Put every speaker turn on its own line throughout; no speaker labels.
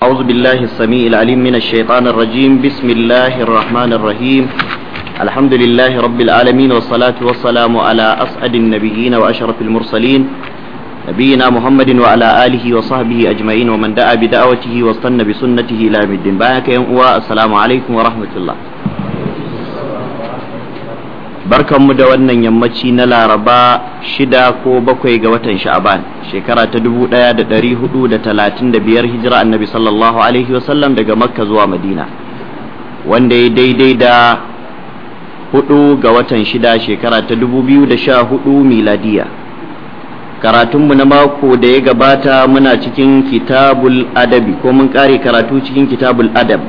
أعوذ بالله السميع العليم من الشيطان الرجيم بسم الله الرحمن الرحيم الحمد لله رب العالمين والصلاة والسلام على أسعد النبيين وأشرف المرسلين نبينا محمد وعلى آله وصحبه أجمعين ومن دعا بدعوته واستنى بسنته إلى مد الدين السلام عليكم ورحمة الله barkanmu da wannan yammaci na laraba shida ko bakwai ga watan sha'aban shekara ta dubu ɗaya da ɗari hudu da talatin da biyar hijira annabi sallallahu alaihi wasallam daga makka zuwa madina wanda ya daidai da hudu ga watan shida shekara ta dubu biyu da sha hudu miladiya karatunmu na mako da ya gabata muna cikin kitabul adabi ko mun kare karatu cikin kitabul adab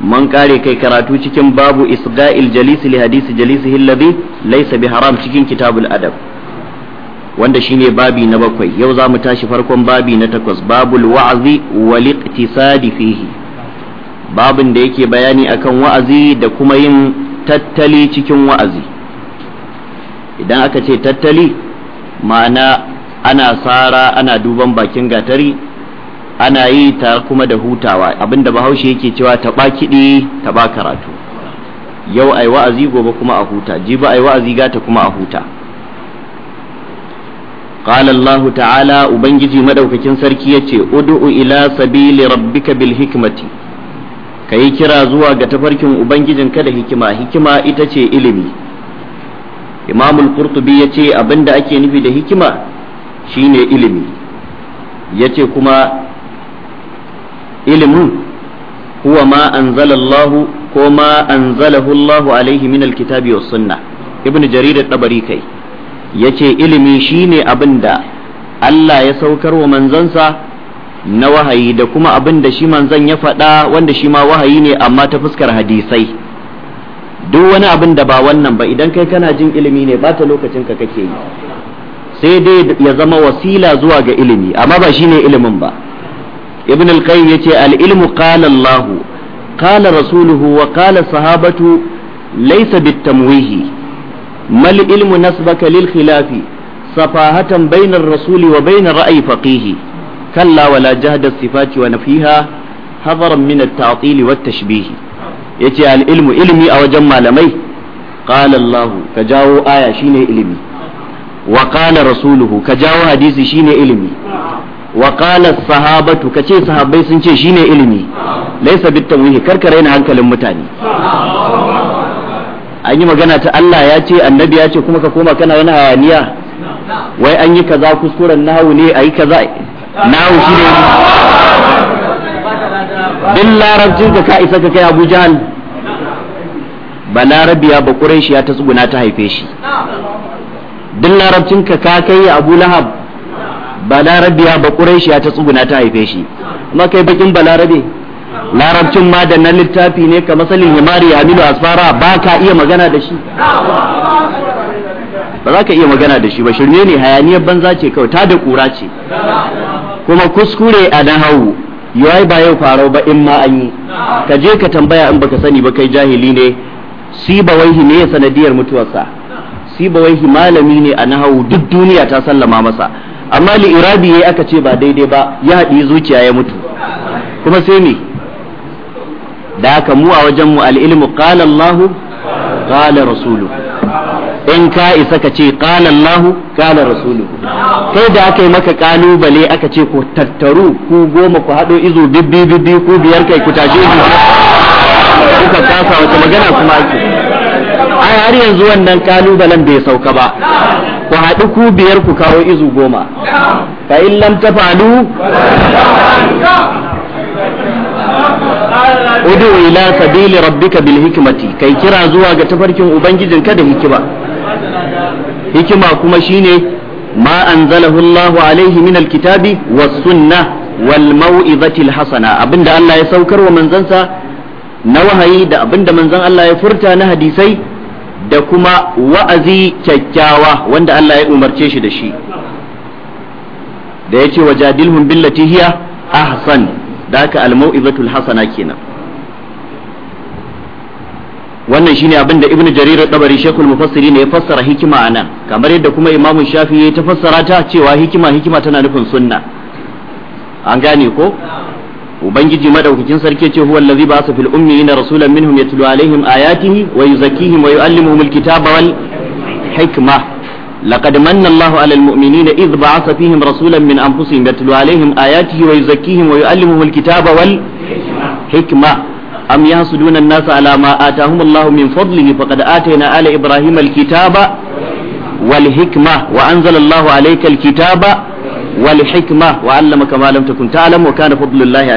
mun ƙare kai karatu cikin babu isga'il jalisi li hadisi jalisihi alladhi laysa bi haram cikin kitabul adab wanda shine babi na bakwai yau za mu tashi farkon babi na takwas babul wa'azi wal iqtisadi fihi babin da yake bayani akan wa'azi da kuma yin tattali cikin wa'azi idan aka ce tattali ma'ana ana sara ana duban bakin gatari ana yi ta kuma da hutawa abinda bahaushe yake cewa taɓa kiɗi ba karatu yau ai wa'azi gobe kuma a huta jibi ai wa'azi gata kuma a huta qala allah ta'ala ubangiji madaukakin sarki yace ud'u ila sabili rabbika bil hikmati kayi kira zuwa ga tafarkin Ubangijin ka da hikima hikima ita ce ilimi Imam imamul qurtubi yace abinda ake nufi da hikima shine ilimi yace kuma ilimin huwa ma anzalallahu ko ma anzalahu Allah alaihi min alkitabi wa sunna ibnu jarir at-tabari kai yace ilimi shine abinda Allah ya saukar wa manzansa na wahayi da kuma abin da shi manzan ya faɗa wanda shi ma wahayi ne amma ta fuskar hadisai duk wani abin da ba wannan ba idan kai kana jin ilimi ne bata lokacin ka kake yi sai dai ya zama wasila zuwa ga ilimi amma ba shine ilimin ba ibn al-qayyim yace al-ilmu qala Allah qala rasuluhu wa qala sahabatu laysa bitamwihi mal ilmu nasbaka lil khilafi safahatan bayna rasuli wa bayna ra'yi faqihi kalla wala jahda as-sifati wa nafiha hadaran min at-ta'til wa at-tashbih yace al ilmi a wajen malamai qala Allah ka jawo aya shine ilimi wa qala rasuluhu ka jawo hadisi shine ilimi wa qala sahabatu kace sahabbai sun ce shine ilimi laysa kar karkare raina hankalin mutane an yi magana ta Allah ya ce annabi ya ce kuma ka koma kana wani hayaniya wai an yi kaza kuskuren nahu ne ayi kaza nahu shine
din larabcin
ka ka isa ka kai Abu ba larabiya ba shi ya ta tsuguna ta haife shi Bin larabcin ka ka kai Abu Lahab balarabiya ba ya ta tsuguna ta haife shi amma kai bakin balarabe larabcin ma da na littafi ne ka masalin himari hamilu asfara ba ka iya magana da shi ba za ka iya magana da shi ba shirme ne hayaniyar banza ce kawai ta da kura ce kuma kuskure a nahawu yawai ba yau faro ba in ma an yi ka je ka tambaya in baka sani ba kai jahili ne si ba waihi ne sanadiyar mutuwarsa si ba waihi malami ne a nahawu duk duniya ta sallama masa amma li iradi yayi aka ce ba daidai ba ya haɗi zuciya ya mutu kuma sai me da ka mu a wajen mu al-ilmu qala Allah qala rasulu in ka isa ka ce qala Allah qala rasulu kai da aka yi maka kalubale aka ce ku tattaru ku goma ku haɗo izo bibbi bibbi ku biyar kai ku tashe ni kuka kasa wata magana kuma ake ai har yanzu wannan kalubalen bai sauka ba ku haɗu ku biyar ku kawo izu goma fa in lam tafalu
udu ila sabili rabbika
bil hikmati kai kira zuwa ga tafarkin ubangijinka da hikima hikima kuma shine ma anzalahu Allahu alaihi min alkitabi was sunnah wal mau'izati hasana abinda Allah ya saukar wa manzansa na wahayi da abinda manzon Allah ya furta na hadisai da kuma wa'azi kyakkyawa wanda Allah ya umarce shi da shi da ya ce wajadilhum billati hiya ahsan da haka hassana hasana kenan wannan shine abin da ibnu jarir ɗabari shekul mufassiri ne ya fassara hikima anan kamar yadda kuma imam shafi ya ta fassara ta cewa hikima hikima tana nufin sunna an gane ko ubangiji madaukakin sarki ce huwa allazi ba'atha fil ummiyina rasulan minhum yatlu alaihim ayatihi wa yuzakkihim wa yuallimuhum alkitaba wal hikma لقد من الله على المؤمنين إذ بعث فيهم رسولا من أنفسهم يتلو عليهم آياته ويزكيهم ويعلمهم الكتاب
والحكمة
أم يحسدون الناس على ما آتاهم الله من فضله فقد آتينا آل إبراهيم الكتاب والحكمة وأنزل الله عليك الكتاب wal hikma wa allamaka ma lam takun ta'lam wa kana fadlullahi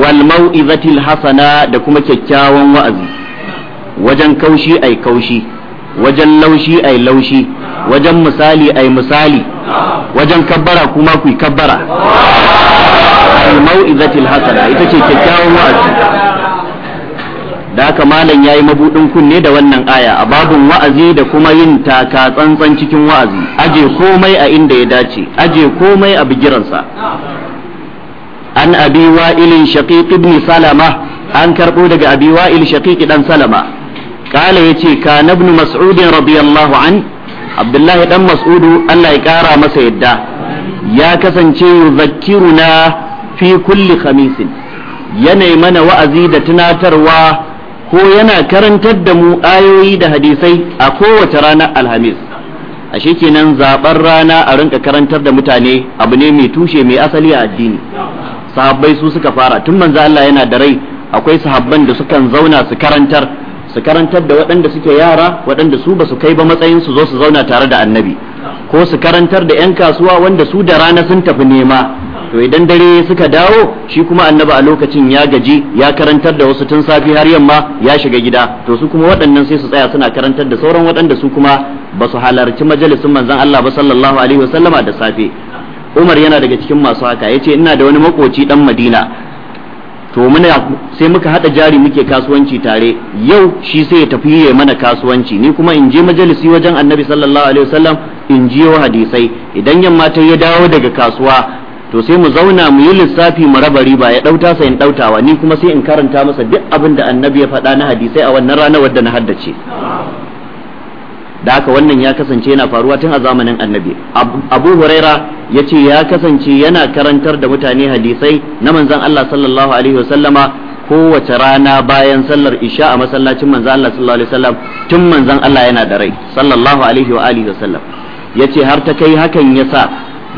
wal mau'izatil hasana da kuma kyakkyawan wa'azi wajen kaushi ai kaushi wajen laushi ai laushi wajen misali ai misali wajen kabbara kuma ku kabbara mau'izatil hasana ita ce kyakkyawan wa'azi da haka malam yayi mabudin kunne da wannan aya a babun wa'azi da kuma yin taka tsantsan cikin wa'azi aje komai a inda ya dace aje komai a bigiransa an abi wa'il shaqiq ibn salama an karbo daga abi wa'il shaqiq dan salama kala yace kana ibn mas'ud radiyallahu an abdullahi dan mas'udu Allah ya kara masa yadda ya kasance yuzakkiruna fi kulli khamisin yanayi mana wa'azi da tunatarwa ko yana karantar da mu ayoyi da hadisai a kowace rana alhamis ashe kenan zaɓar rana a rinka karantar da mutane abu ne mai tushe mai asali a addini sahabbai su suka fara tun manzo Allah yana da rai akwai sahabban da sukan zauna su karantar su karantar da waɗanda suke yara waɗanda su ba su kai ba matsayin su zo su zauna tare da annabi ko su karantar da 'yan kasuwa wanda su da rana sun tafi nema to idan dare suka dawo shi kuma annabi a lokacin ya gaji ya karantar da wasu tun safi har yamma ya shiga gida to su kuma waɗannan sai su tsaya suna karantar da sauran waɗanda su kuma ba su halarci majalisin manzon Allah ba sallallahu alaihi wasallama da safe Umar yana daga cikin masu haka yace ina da wani makoci dan Madina to muna sai muka hada jari muke kasuwanci tare yau shi sai ya tafi ya mana kasuwanci ni kuma in je majalisi wajen annabi sallallahu alaihi wasallam in jiyo hadisai idan yamma ta ya dawo daga kasuwa to sai mu zauna mu yi lissafi mu raba riba ya dauta sai in dautawa ni kuma sai in karanta masa duk abin da annabi ya faɗa na hadisai a wannan rana wadda na haddace da haka wannan ya kasance yana faruwa tun a zamanin annabi abu huraira ya ce ya kasance yana karantar da mutane hadisai na manzan allah sallallahu alaihi wasallama kowace rana bayan sallar isha a masallacin manzan allah sallallahu alaihi wasallam tun manzan allah yana da rai sallallahu alaihi wa alihi wasallam ya ce har ta kai hakan ya sa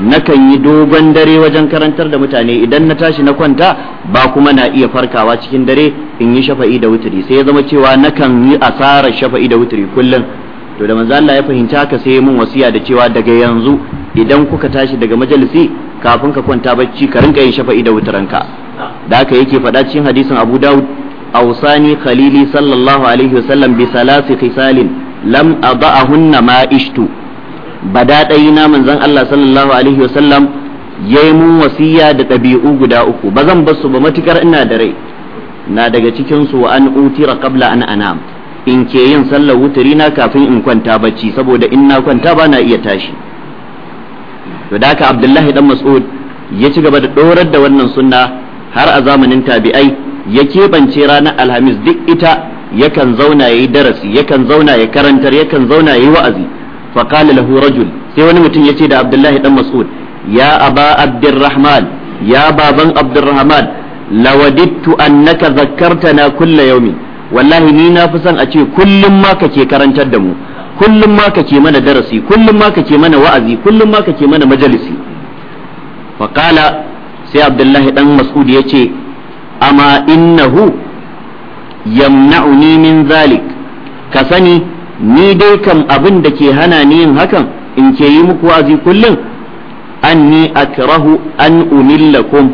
nakan yi dogon dare wajen karantar da mutane idan na tashi na kwanta ba kuma na iya farkawa cikin dare in yi shafa'i da wuturi sai ya zama cewa nakan yi asarar shafa'i da wuturi kullum to da manzo Allah ya fahimta ka sai mun wasiya da cewa daga yanzu idan kuka tashi daga majalisi kafin ka kwanta bacci ka rinka yin shafa'i da wuturanka da haka yake faɗa cikin hadisin Abu Dawud awsani khalili sallallahu alaihi wasallam bi salasi khisalin lam ada'ahunna ma ishtu badadai na manzon Allah sallallahu alaihi wasallam yayi mun wasiya da ɗabi'u guda uku ba zan bar ba matukar ina da rai na daga cikin su an utira qabla an anam in ke yin sallar wuturi na kafin in kwanta bacci saboda in na kwanta ba na iya tashi to da haka Abdullahi dan Mas'ud ya ci gaba da dorar da wannan sunna har a zamanin tabi'ai ya keɓance ranar alhamis duk ita yakan zauna ya yi darasi yakan zauna ya karantar yakan zauna ya yi wa'azi fa qala lahu rajul sai wani mutum yace da Abdullahi dan Mas'ud ya aba Abdurrahman ya baban Abdurrahman lawadittu annaka na kulla yaumi wallahi ni na fi son a ce kullum ma kake karantar da mu kullum ma kake mana darasi kullum ma kake mana wa'azi kullum ma kake mana majalisi fa sai Abdullahi dan Mas'ud yace amma innahu yamna'uni min zalik ka sani ni dai kam abin da ke hana ni yin hakan in ke yi muku wa'azi kullum a akrahu an umillakum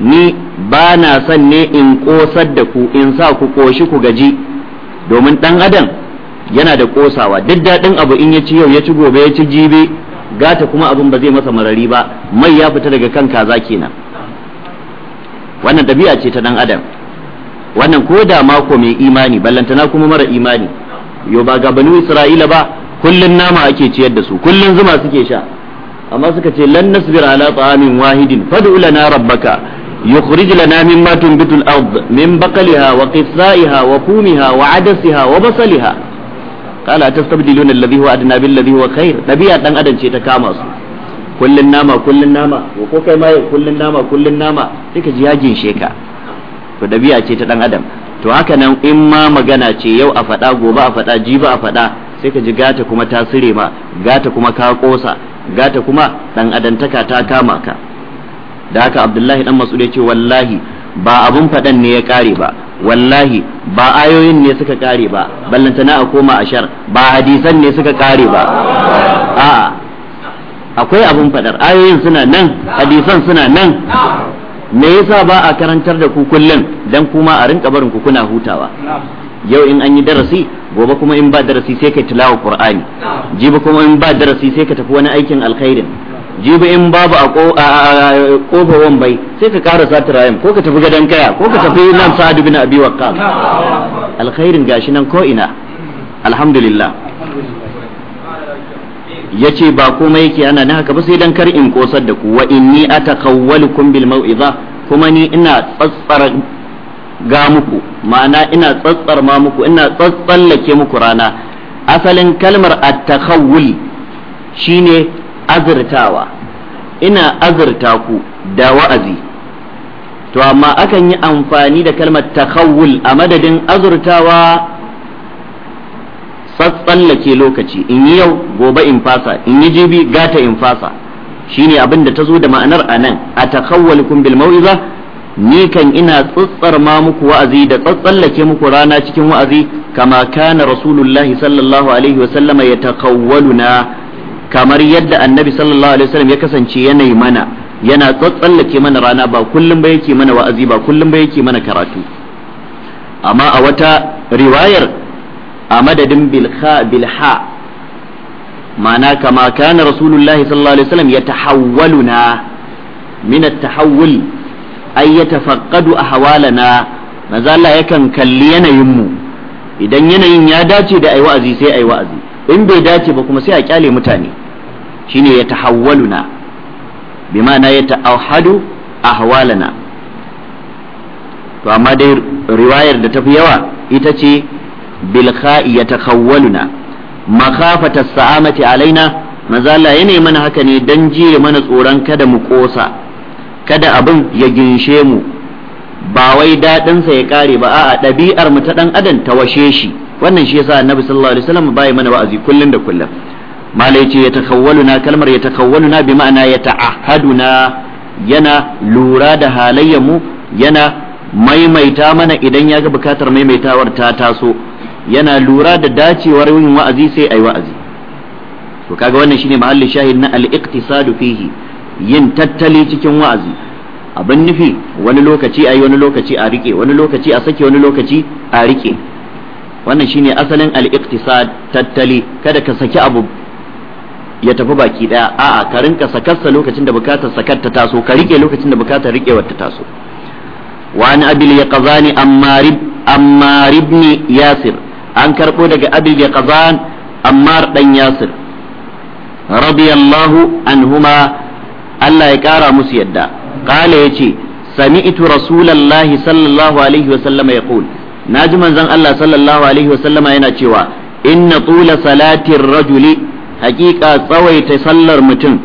ni ba na son ne in kosar da ku in sa ku koshi ku gaji domin ɗan adam yana da kosawa duk daɗin abu in ya ci yau ya ci gobe ya ci jibe, gata kuma abin ba zai masa marari ba mai ya fita daga kan kaza kenan wannan ɗabi'a ce ta dan adam wannan ko da mako mai imani ballantana kuma mara imani yo ba ga banu isra'ila ba kullun nama ake ciyar da su kullun zuma suke sha amma suka ce lan nasbir ala ta'amin wahidin fad'u lana rabbaka yukhrij lana mimma tunbitu al-ard min baqliha wa qithaiha wa fumiha wa adasiha wa basaliha qala atastabdiluna alladhi huwa adna billadhi huwa khair dabi'a dan adam ce ta kama su kullun nama kullun nama wa ko kai ma kullun nama kullun nama suka ji yagin sheka to dabi'a ce ta dan adam to haka nan in ma magana ce yau a faɗa gobe a faɗa jibi a faɗa sai ka ji gata kuma ta sire ma gata kuma ka kosa gata kuma dan adantaka ta kama ka da haka abdullahi dan mas'ud ya ce wallahi ba abun faɗan ne ya kare ba wallahi ba ayoyin ne suka kare ba ballantana a koma ashar ba hadisan ne suka kare ba a'a akwai abun faɗar ayoyin suna nan hadisan suna nan me yasa ba a karantar da ku kullum dan kuma a rinka barin ku kuna hutawa yau in an yi darasi gobe kuma in ba darasi sai kai tilawa qur'ani jibi kuma in ba darasi sai ka tafi wani aikin alkhairin jibi in babu a kofa wambai sai ka ƙara satirayen ko ka tafi gadon kaya ko ka tafi nan sa'adu bin abi waqqas alkhairin gashi nan ko ina alhamdulillah ya ce ba komai yake ana na haka ba sai dan kar in kosar da ku wa inni atakawwalukum bil mau'iza kuma ni ina tsatsara ga muku ma'ana ina tsatsar ma muku ina tsatsallake muku rana asalin kalmar at shine azurtawa ina azurta ku da wa'azi to amma akan yi amfani da kalmar takhawul a madadin azurtawa tsallake lokaci in yi yau gobe in fasa in yi jibi gata in fasa shine abin da ta zo da ma'anar a nan a kun bil mau'iza ni kan ina tsatsar ma muku wa'azi da tsatsallake muku rana cikin wa'azi kama kana rasulullahi sallallahu alaihi wa sallam ya takawwaluna kamar yadda annabi sallallahu alaihi wa sallam ya kasance yanayi mana yana tsatsallake mana rana ba kullum ba yake mana wa'azi ba kullum ba yake mana karatu amma a wata riwayar a madadin bilha bilha ma'ana kama kana rasulullahi sallallahu alaihi wasallam yatahawwaluna min at-tahawul ay yatafaqqadu ahwalana manzo Allah yakan kalli yanayin mu idan yanayin ya dace da ai wa'azi sai ai wa'azi in bai dace ba kuma sai a kyale mutane shine yatahawwaluna bi ma'ana yata'ahadu ahwalana to amma dai riwayar da tafi yawa ita ce bilkai ya takawwaluna makhafata sa'amati alaina maza Allah ya mana haka ne dan jiye mana tsoron kada mu kosa kada abin ya ginshe mu ba wai daɗinsa ya kare ba a'a ɗabi'ar mu ta ɗan adam ta washe shi wannan shi yasa annabi sallallahu alaihi wasallam bai mana wa'azi kullun da kullum malai ya takawwaluna kalmar ya takawwaluna bi ma'ana ya ta'ahaduna yana lura da halayyar mu yana maimaita mana idan ya ga bukatar maimaitawar ta taso yana lura da dacewar yin wa'azi sai ayi wa'azi to kaga wannan shine mahallin shahid na al iqtisad fihi yin tattali cikin wa'azi abin nufi wani lokaci ayi wani lokaci a rike wani lokaci a sake wani lokaci a rike wannan shine asalin al-iqtisad tattali kada ka saki abu ya tafi baki daya a'a ka rinka sakarsa lokacin da bukatar sakar ta taso ka rike lokacin da bukatar rikewar ta taso wa an abil yaqzani ammar ammar ibn yasir an karɓo daga abi bi qazan ammar dan yasir radiyallahu anhuma Allah ya kara musu yadda qala yace sami'tu rasulallahi sallallahu alaihi wa sallama na naji manzon Allah sallallahu alaihi wa sallama yana cewa inna tula salatin rajuli haƙiƙa tsawaita sallar mutum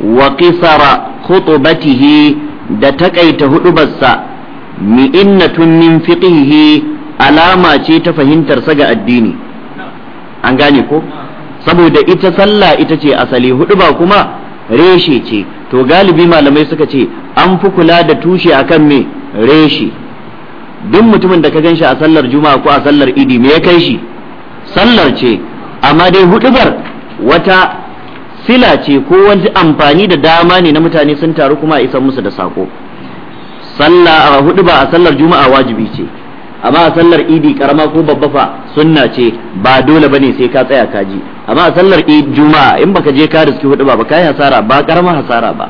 wa qisara khutubatihi da takaita hudubarsa mi'innatun min fiqihi alama ce ta fahimtar sa ga addini an gane ko saboda ita sallah ita ce asali hudu ba kuma reshe ce to galibi malamai suka ce an fi kula da tushe akan me reshe duk mutumin da ka gan shi a sallar juma'a ko a sallar idi me ya kai shi sallar ce amma dai hudubar wata sila ce ko wani amfani da dama ne na mutane sun taru kuma a isan musu da sako sallah a hudu ba a sallar juma'a wajibi ce amma a sallar idi karama ko babba fa sunna ce ba dole bane sai ka tsaya ka ji amma a sallar idi juma'a in baka je ka riski hudu ba kai hasara ba karama hasara ba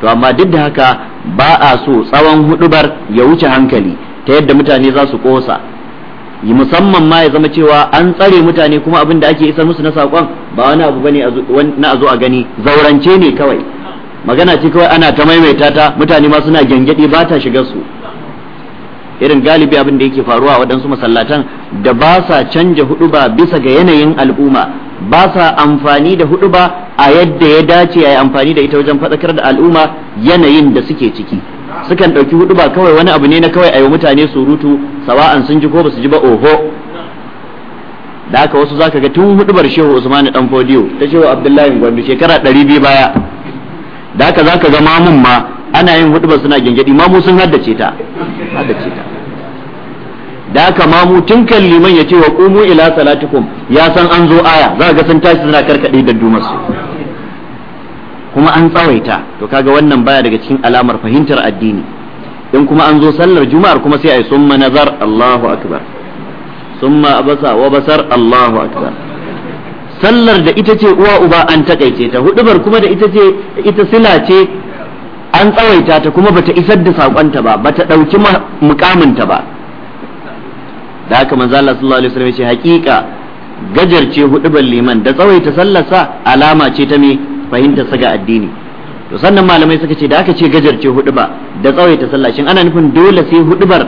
to amma duk da haka ba a so tsawon hudubar ya wuce hankali ta yadda mutane za su kosa musamman ma ya zama cewa an tsare mutane kuma abin da ake isar musu na saƙon ba wani abu bane na a zo a gani zaurance ne kawai magana ce kawai ana ta maimaita ta mutane ma suna gyangyaɗe ba ta shiga su irin galibi abin da yake faruwa waɗansu masallatan da ba sa canja huɗuba bisa ga yanayin al'umma ba sa amfani da huɗuba a yadda ya dace a yi amfani da ita wajen faɗakar da al'umma yanayin da suke ciki sukan ɗauki huduba kawai wani abu ne na kawai a yi mutane surutu sawa'an sun ji ko ba su ji ba oho da haka wasu zaka ga tun hudubar shehu usmani dan fodiyo ta shehu abdullahi gwandu shekara ɗari biyu baya da haka zaka ga mamun ma ana yin hudubar suna gyangyaɗi mamu sun haddace ta haddace ta da haka mamu tun kan liman ya ce wa kumu ila salatikum ya san an zo aya za ga sun tashi suna karkade da dumar su kuma an tsawaita to kaga wannan baya daga cikin alamar fahimtar addini in kuma an zo sallar juma'ar kuma sai a yi summa nazar Allahu akbar summa abasa wa basar Allahu akbar sallar da ita ce uwa uba an takaice ta hudubar kuma da ita ce ita sila ce an tsawaita ta kuma bata isar da sakonta ba bata ɗauki mukaminta ba da haka manzo Allah sallallahu alaihi wasallam ya ce hakika gajarce hudubar liman da tsawaita sallarsa alama ce ta me fahimta saga ga addini to sannan malamai suka ce da aka ce gajarce ba da tsawaita sallah shin ana nufin dole sai hudubar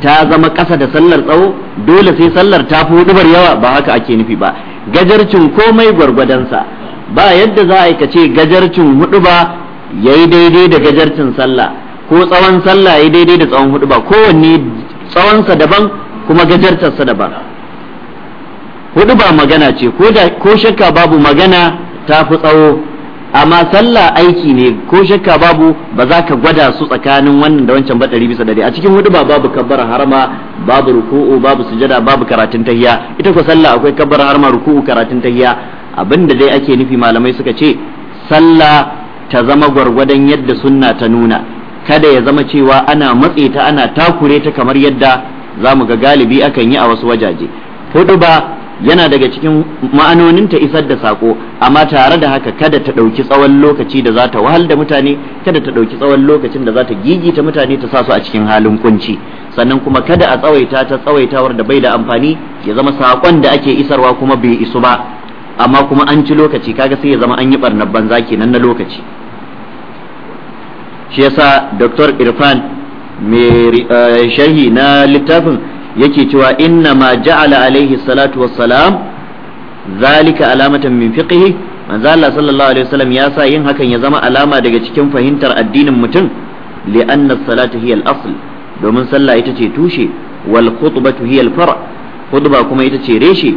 ta zama ƙasa da sallar tsawo dole sai sallar ta fi hudubar yawa ba haka ake nufi ba gajarcin komai gwargwadonsa ba yadda za a yi ka ce gajarcin huɗuba. yayi daidai da gajarcin sallah ko tsawon sallah ya yi daidai da tsawon hudu ba kowanne tsawonsa daban kuma gajartarsa daban hudu ba magana ce ko shakka babu magana ta fi tsawo amma sallah aiki ne ko shakka babu ba za ka gwada su tsakanin wannan da wancan baɗari bisa dare a cikin hudu ba babu kabbar harama babu ruku'u babu sujada babu karatun tahiya ita ko sallah akwai kabbar harama ruku'u karatun tahiya abinda dai ake nufi malamai suka ce sallah ta zama gwargwadon yadda sunna ta nuna kada ya zama cewa ana matse ta ana takure ta kamar yadda zamu ga galibi akan yi a wasu wajaje hudu ba yana daga cikin ma'anonin ta isar da sako amma tare da haka kada ta ɗauki tsawon lokaci da za ta wahal da mutane kada ta ɗauki tsawon lokacin da za ta gigita mutane ta sa su a cikin halin kunci sannan kuma kada a tsawaita ta tsawaitawar da bai da amfani ya zama sakon da ake isarwa kuma bai isu ba amma kuma an ci lokaci kaga sai ya zama an yi barnar banza kenan na lokaci shi yasa Dr. Irfan mai eh, sharhi na littafin yake cewa inna ma ja'ala alaihi salatu wassalam zalika alamatan min fiqhi manzo Allah sallallahu alaihi wasallam ya sa yin hakan ya zama alama daga cikin fahimtar addinin mutum li anna salatu hiya al-asl domin sallah ita ce tushe wal khutbatu hiya al-far' khutba kuma ita ce reshe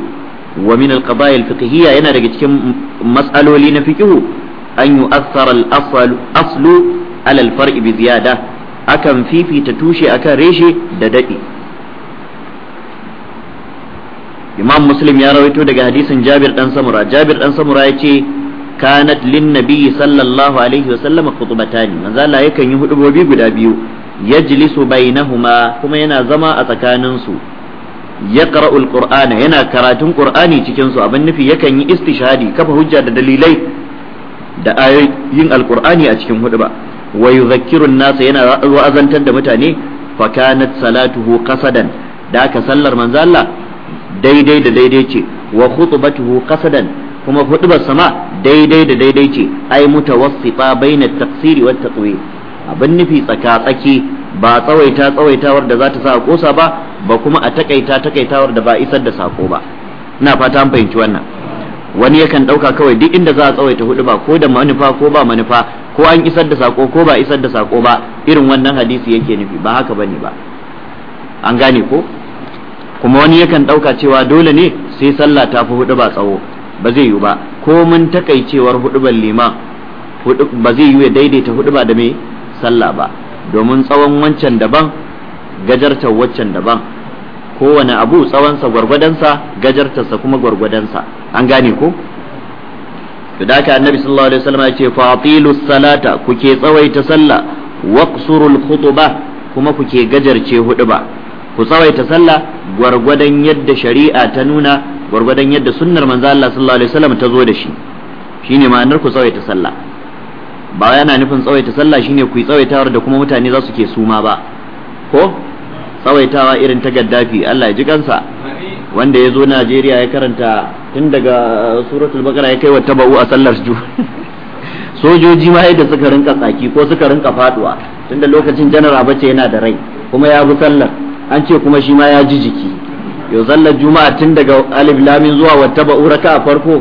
wa min al-qada'i al-fiqhiyya yana daga cikin matsaloli na fiqhu an yu'athara al-aslu aslu akan fifita tushe a akan reshe da dadi imam muslim ya rawaito daga hadisin jabir dan samura jabir ɗan samura ya ce kanat lin nabiyyi sallallahu alaihi wa sallam khutbatani manzo Allah yakan yi hudubobi guda biyu yajlisu bainahuma kuma yana zama a tsakanin su yaqra'u alqur'ana yana karatun qur'ani cikin su abin nufi yakan yi istishadi kafa hujja da dalilai da ayoyin alqur'ani a cikin hudba wa yuzakkiru an nasa yana wa'azantar da mutane fa kanat salatuhu qasadan da aka sallar manzo Allah daidai da daidai ce wa khutbatuhu qasadan kuma hudubar sama daidai da daidai ce ai mutawassita baina at-taqsiri wat-taqwir abin nufi tsaka tsaki ba tsawaita tsawaitawar da za ta sa a kosa ba ba kuma a takaita takaitawar da ba isar da sako ba ina fata an fahimci wannan wani yakan ɗauka kawai duk inda za a tsawaita hudu ba ko da manufa ko ba manufa ko an isar da sako ko ba isar da sako ba irin wannan hadisi yake nufi ba haka bane ba an gane ko kuma wani yakan ɗauka cewa dole ne sai sallah ta fi hudu ba tsawo ba zai yi ba ko mun takaicewar hudu ban liman ba zai yi ya daidaita hudu ba da me sallah ba domin tsawon wancan daban gajartar waccan daban kowane abu tsawonsa gwargwadonsa gajartarsa kuma gwargwadonsa an gane ko da haka annabi sallallahu alaihi wasallam ya ce fatilus salata kuke tsawaita sallah waqsurul khutbah kuma kuke gajarce huduba ku tsawaita sallah gwargwadon yadda shari'a ta nuna gwargwadon yadda sunnar manzo Allah sallallahu alaihi wasallam ta zo da shi shine ma'anar ku tsawaita sallah ba yana nufin tsawaita sallah shine ku yi tsawaitawar da kuma mutane za su ke suma ba ko tsawaitawa irin ta gaddafi Allah ya ji kansa wanda ya zo Najeriya ya karanta tun daga suratul baqara ya kai wa tabau a sallar ju sojoji ma yadda suka rinka tsaki ko suka rinka faduwa tunda lokacin janar bace yana da rai kuma ya bi sallar an ce kuma shi ma ya ji jiki yau zallar juma'a tun daga alif lamin zuwa wa tabau raka farko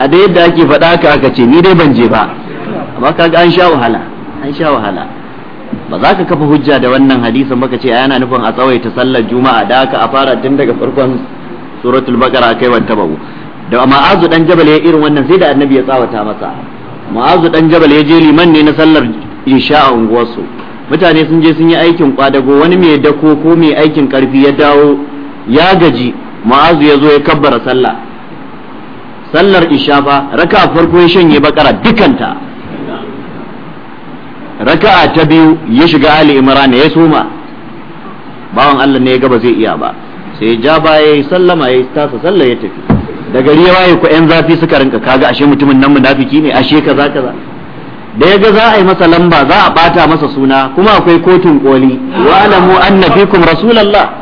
a da yadda ake faɗa ka aka ce ni dai ban je ba amma kaga an sha wahala an sha wahala ba za ka kafa hujja da wannan hadisin baka ce yana nufin a tsawaita sallar juma'a da aka a fara tun daga farkon suratul baqara kai wanta babu da ma'azu dan jabal ya irin wannan sai da annabi ya tsawata masa ma'azu dan jabal ya je liman ne na sallar isha a unguwarsu mutane sun je sun yi aikin kwadago wani mai dako ko mai aikin karfi ya dawo ya gaji ma'azu ya zo ya kabbara sallah sallar isha fa raka'a farko ya shanye bakara dukanta raka'a ta biyu ya shiga ali imran ya soma bawan Allah ne ya gaba zai iya ba sai ja baya ya sallama ya tasa sallar ya tafi da gari ya waye ku yan zafi suka rinka kaga ashe mutumin nan munafiki ne ashe kaza kaza da ya ga za a yi masa lamba za a bata masa suna kuma akwai kotun koli wa alamu anna fikum rasulullah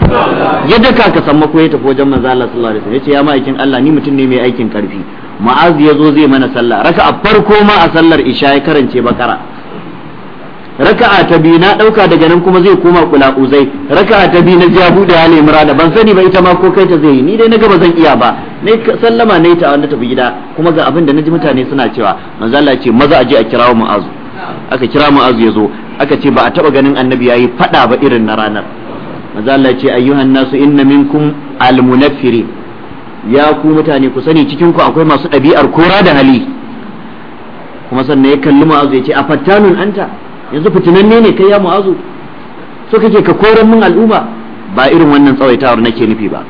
yadda ka ka san mako ta fojan wajen manzo Allah sallallahu alaihi wasallam yace ya ma'aikin Allah ni mutum ne mai aikin karfi ma'az ya zo zai mana sallah raka a farko ma a sallar isha ya karance bakara raka'a ta biyu na dauka daga nan kuma zai koma kulauzai raka'a ta biyu na jabu da ya nemi rana ban sani ba ita ma ko kai ta zai yi ni dai naga ba zan iya ba ne sallama ne ta wanda tafi gida kuma ga abin da naji mutane suna cewa manzo Allah ce maza aje a kirawo mu'azu aka kira mu'azu yazo aka ce ba a taba ganin annabi yayi fada ba irin na ranar manzo Allah ce ayyuhan nasu inna minkum almunaffirin ya ku mutane ku sani cikin ku akwai masu ɗabi'ar kora da hali kuma sannan ya kalli mu'azu ya ce a fattanun anta yanzu fitinanne ne kai ya mu'azu so kake ka koran min al'umma ba irin wannan tsawaitawar nake nufi ba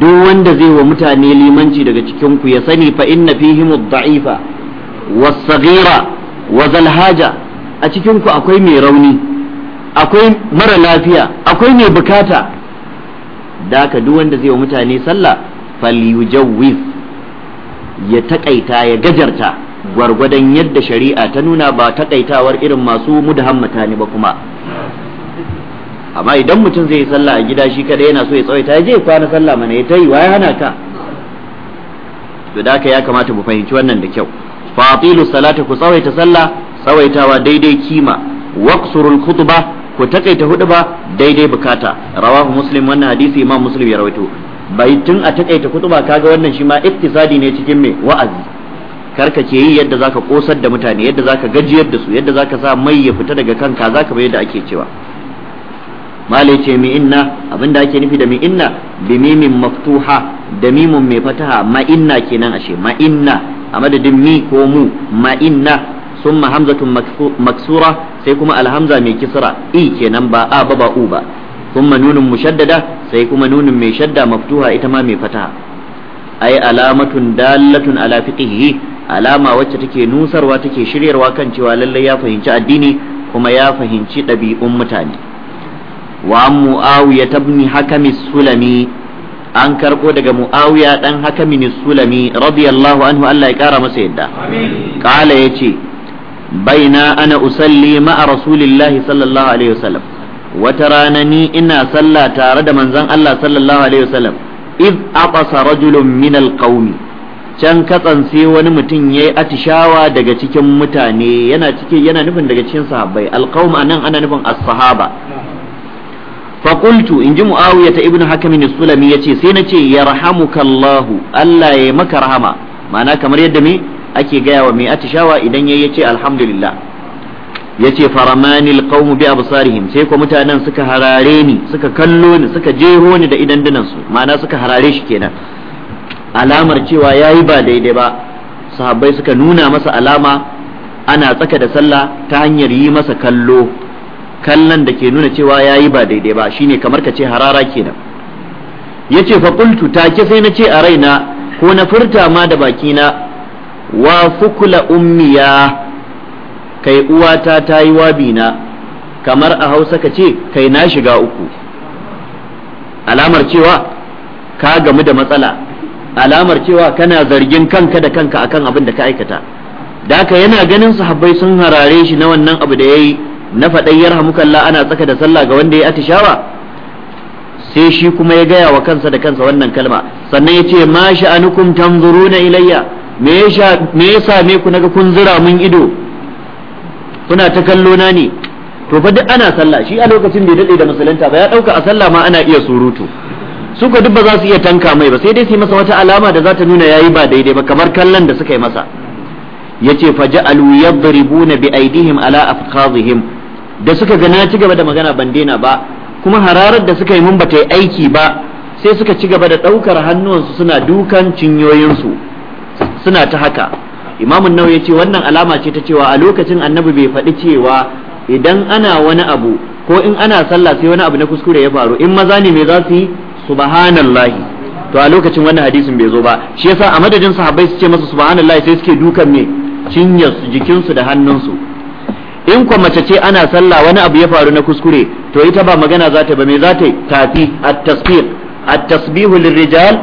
duk wanda zai wa mutane limanci daga cikin ku ya sani fa inna fihim ad-da'ifa was-saghira wa zalhaja a cikin ku akwai mai rauni akwai mara lafiya akwai mai bukata da ka duk wanda zai wa mutane sallah falyujawwiz ya takaita ya gajarta gwargwadon yadda shari'a ta nuna ba taƙaitawar irin masu hammata ne ba kuma amma idan mutum zai yi sallah a gida shi kada yana so ya tsawaita je kwana sallah mana ya yi waye hana ka to da ya kamata mu fahimci wannan da kyau fatilu salata ku tsawaita sallah tsawaitawa daidai kima waqsurul ba, ku takaita ba daidai bukata rawahu muslim wannan hadisi imam muslim ya rawaito bai tun a takaita ka ga wannan shi ma ittisadi ne cikin me wa'azi karka ke yi yadda zaka kosar da mutane yadda zaka gajiyar da su yadda zaka sa mai ya fita daga kanka zaka bai da ake cewa malai ce mi inna abinda ake nufi da mi inna bi mimin maftuha da mimun mai fataha ma inna kenan ashe ma inna a madadin mi ko mu ma inna ma hamzatun maksura sai kuma alhamza mai kisra i kenan ba a ba ba u ba summa nunun mushaddada sai kuma nunin mai shadda maftuha ita ma mai fataha Ai alamatun dalatun ala fiqihi alama wacce take nusarwa take shiryarwa kan cewa lallai ya fahimci addini kuma ya fahimci ɗabi'un mutane wa muawiya tabni hakami sulami an karɓo daga muawiya ɗan hakami sulami radiyallahu anhu Allah ya ƙara masa yadda ƙala ya ce baina ana usalli ma'a rasulillahi sallallahu alaihi wasallam wata rana ni ina sallah tare da manzon Allah sallallahu alaihi wasallam iz aqasa rajulun min alqaumi can katsance wani mutum ya yi atishawa daga cikin mutane yana cikin yana nufin daga cikin sahabbai a nan ana nufin as-sahaba fa qultu inji muawiya ta ibnu hakamin sulami ce sai na nace rahamu Allah Allah ya maka rahama ma'ana kamar yadda me ake gaya wa mai atishawa idan ya yi ce alhamdulillah ya yace faramani alqaum bi absarihim sai ko mutanen suka harare ni suka kallo ni suka jeho ni da idan su ma'ana suka harare shi kenan alamar cewa ya yi ba daidai ba sahabbai suka nuna masa alama ana tsaka da sallah ta hanyar yi masa kallo kallon da ke nuna cewa ya yi ba daidai ba shine kamar ka ce harara kenan yace fa Kultu take sai na ce a raina ko na furta ma da bakina wa fukula ummiya kai uwata ta yi wabina kamar a hausa ka ce kai na shiga uku alamar cewa ka gamu da matsala alamar cewa kana zargin kanka da kanka akan abin da ka aikata da haka yana ganin sahabbai sun harare shi na wannan abu da yayi na faɗai yarhamukallah ana tsaka da sallah ga wanda ya atishawa sai shi kuma ya gaya wa kansa da kansa wannan kalma sannan ya ce ma sha'anukum tanzuruna ilayya me ya same ku naga kun zira mun ido kuna ta kallo na ne to fa duk ana sallah shi a lokacin da ya daɗe da musulunta ba ya ɗauka a sallah ma ana iya surutu su ko duk ba za su iya tanka mai ba sai dai su yi masa wata alama da za ta nuna yayi ba daidai ba kamar kallon da suka yi masa yace faja'alu yadribuna bi aidihim ala afkhazihim da suka ga na ci gaba da magana ban daina ba kuma hararar da suka yi mun ba yi aiki ba sai suka ci gaba da ɗaukar hannuwansu suna dukan cinyoyinsu suna ta haka imamu nau ya ce wannan alama ce ta cewa a lokacin annabi bai faɗi cewa idan ana wani abu ko in ana sallah sai wani abu na kuskure ya faru in maza ne me za su yi subhanallahi to a lokacin wannan hadisin bai zo ba shi yasa a madadin sahabbai su ce masa subhanallahi sai suke dukan me cinyarsu su jikinsu da hannunsu in kwa mace ce ana sallah wani abu ya faru na kuskure to ita ba magana za ta ba me za ta tafi at-tasbih at-tasbihu lirrijal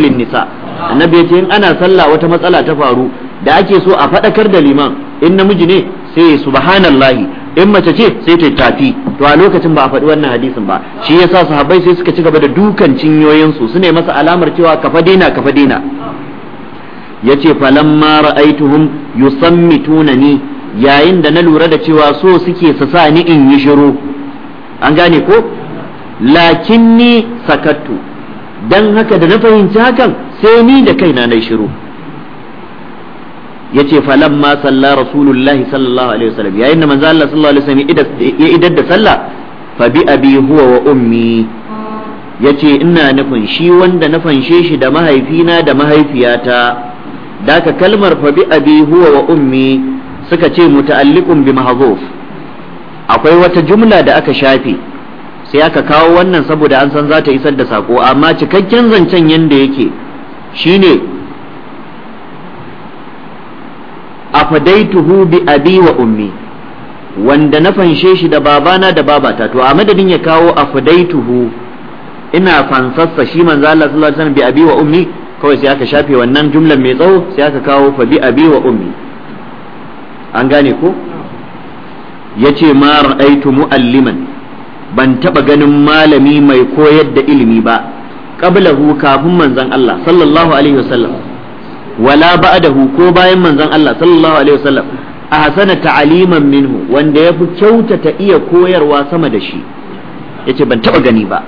lin-nisa annabi ya ce in ana sallah wata matsala ta faru da ake so a faɗakar da liman in namiji ne sai subhanallahi in mace ce sai ta tafi to a lokacin ba a faɗi wannan hadisin ba shi yasa sahabbai sai suka ci gaba da dukan cinyoyin su ne masa alamar cewa ka fadina ka fadina yace falamma ra'aituhum yusammitunani yayin da na lura da cewa so suke su sa ni in yi shiru an gane ko lakinni sakattu dan haka da na fahimci hakan sai ni da kaina na shiru yace falamma salla rasulullahi sallallahu alaihi wasallam yayin da manzo Allah sallallahu alaihi wasallam ya idar da sallah fa bi abi huwa wa ummi yace ina nufin shi wanda na fanshe shi da mahaifina da mahaifiyata daka kalmar fa bi abi huwa wa ummi suka ce muta'alliqun bi mahzuf akwai wata jumla da aka shafe sai aka kawo wannan saboda an san za ta isar da sako amma cikakken zancen yanda yake shine fadaituhu bi abi wa ummi wanda na fanshe shi da babana da babata to a madadin ya kawo afadaituhu ina fansassa shi manzo Allah sallallahu alaihi wasallam bi abi wa ummi kawai sai aka shafe wannan jumlan mai tsawo sai aka kawo fa bi abi wa ummi an gane ko yace ma ra'aytu mualliman ban taba ganin malami mai koyar da ilimi ba qablahu kafin manzon Allah sallallahu alaihi wasallam wala ba'dahu ko bayan manzon Allah sallallahu alaihi wasallam ahsana ta'aliman minhu wanda yafi kyautata iya koyarwa sama da shi yace ban taba gani ba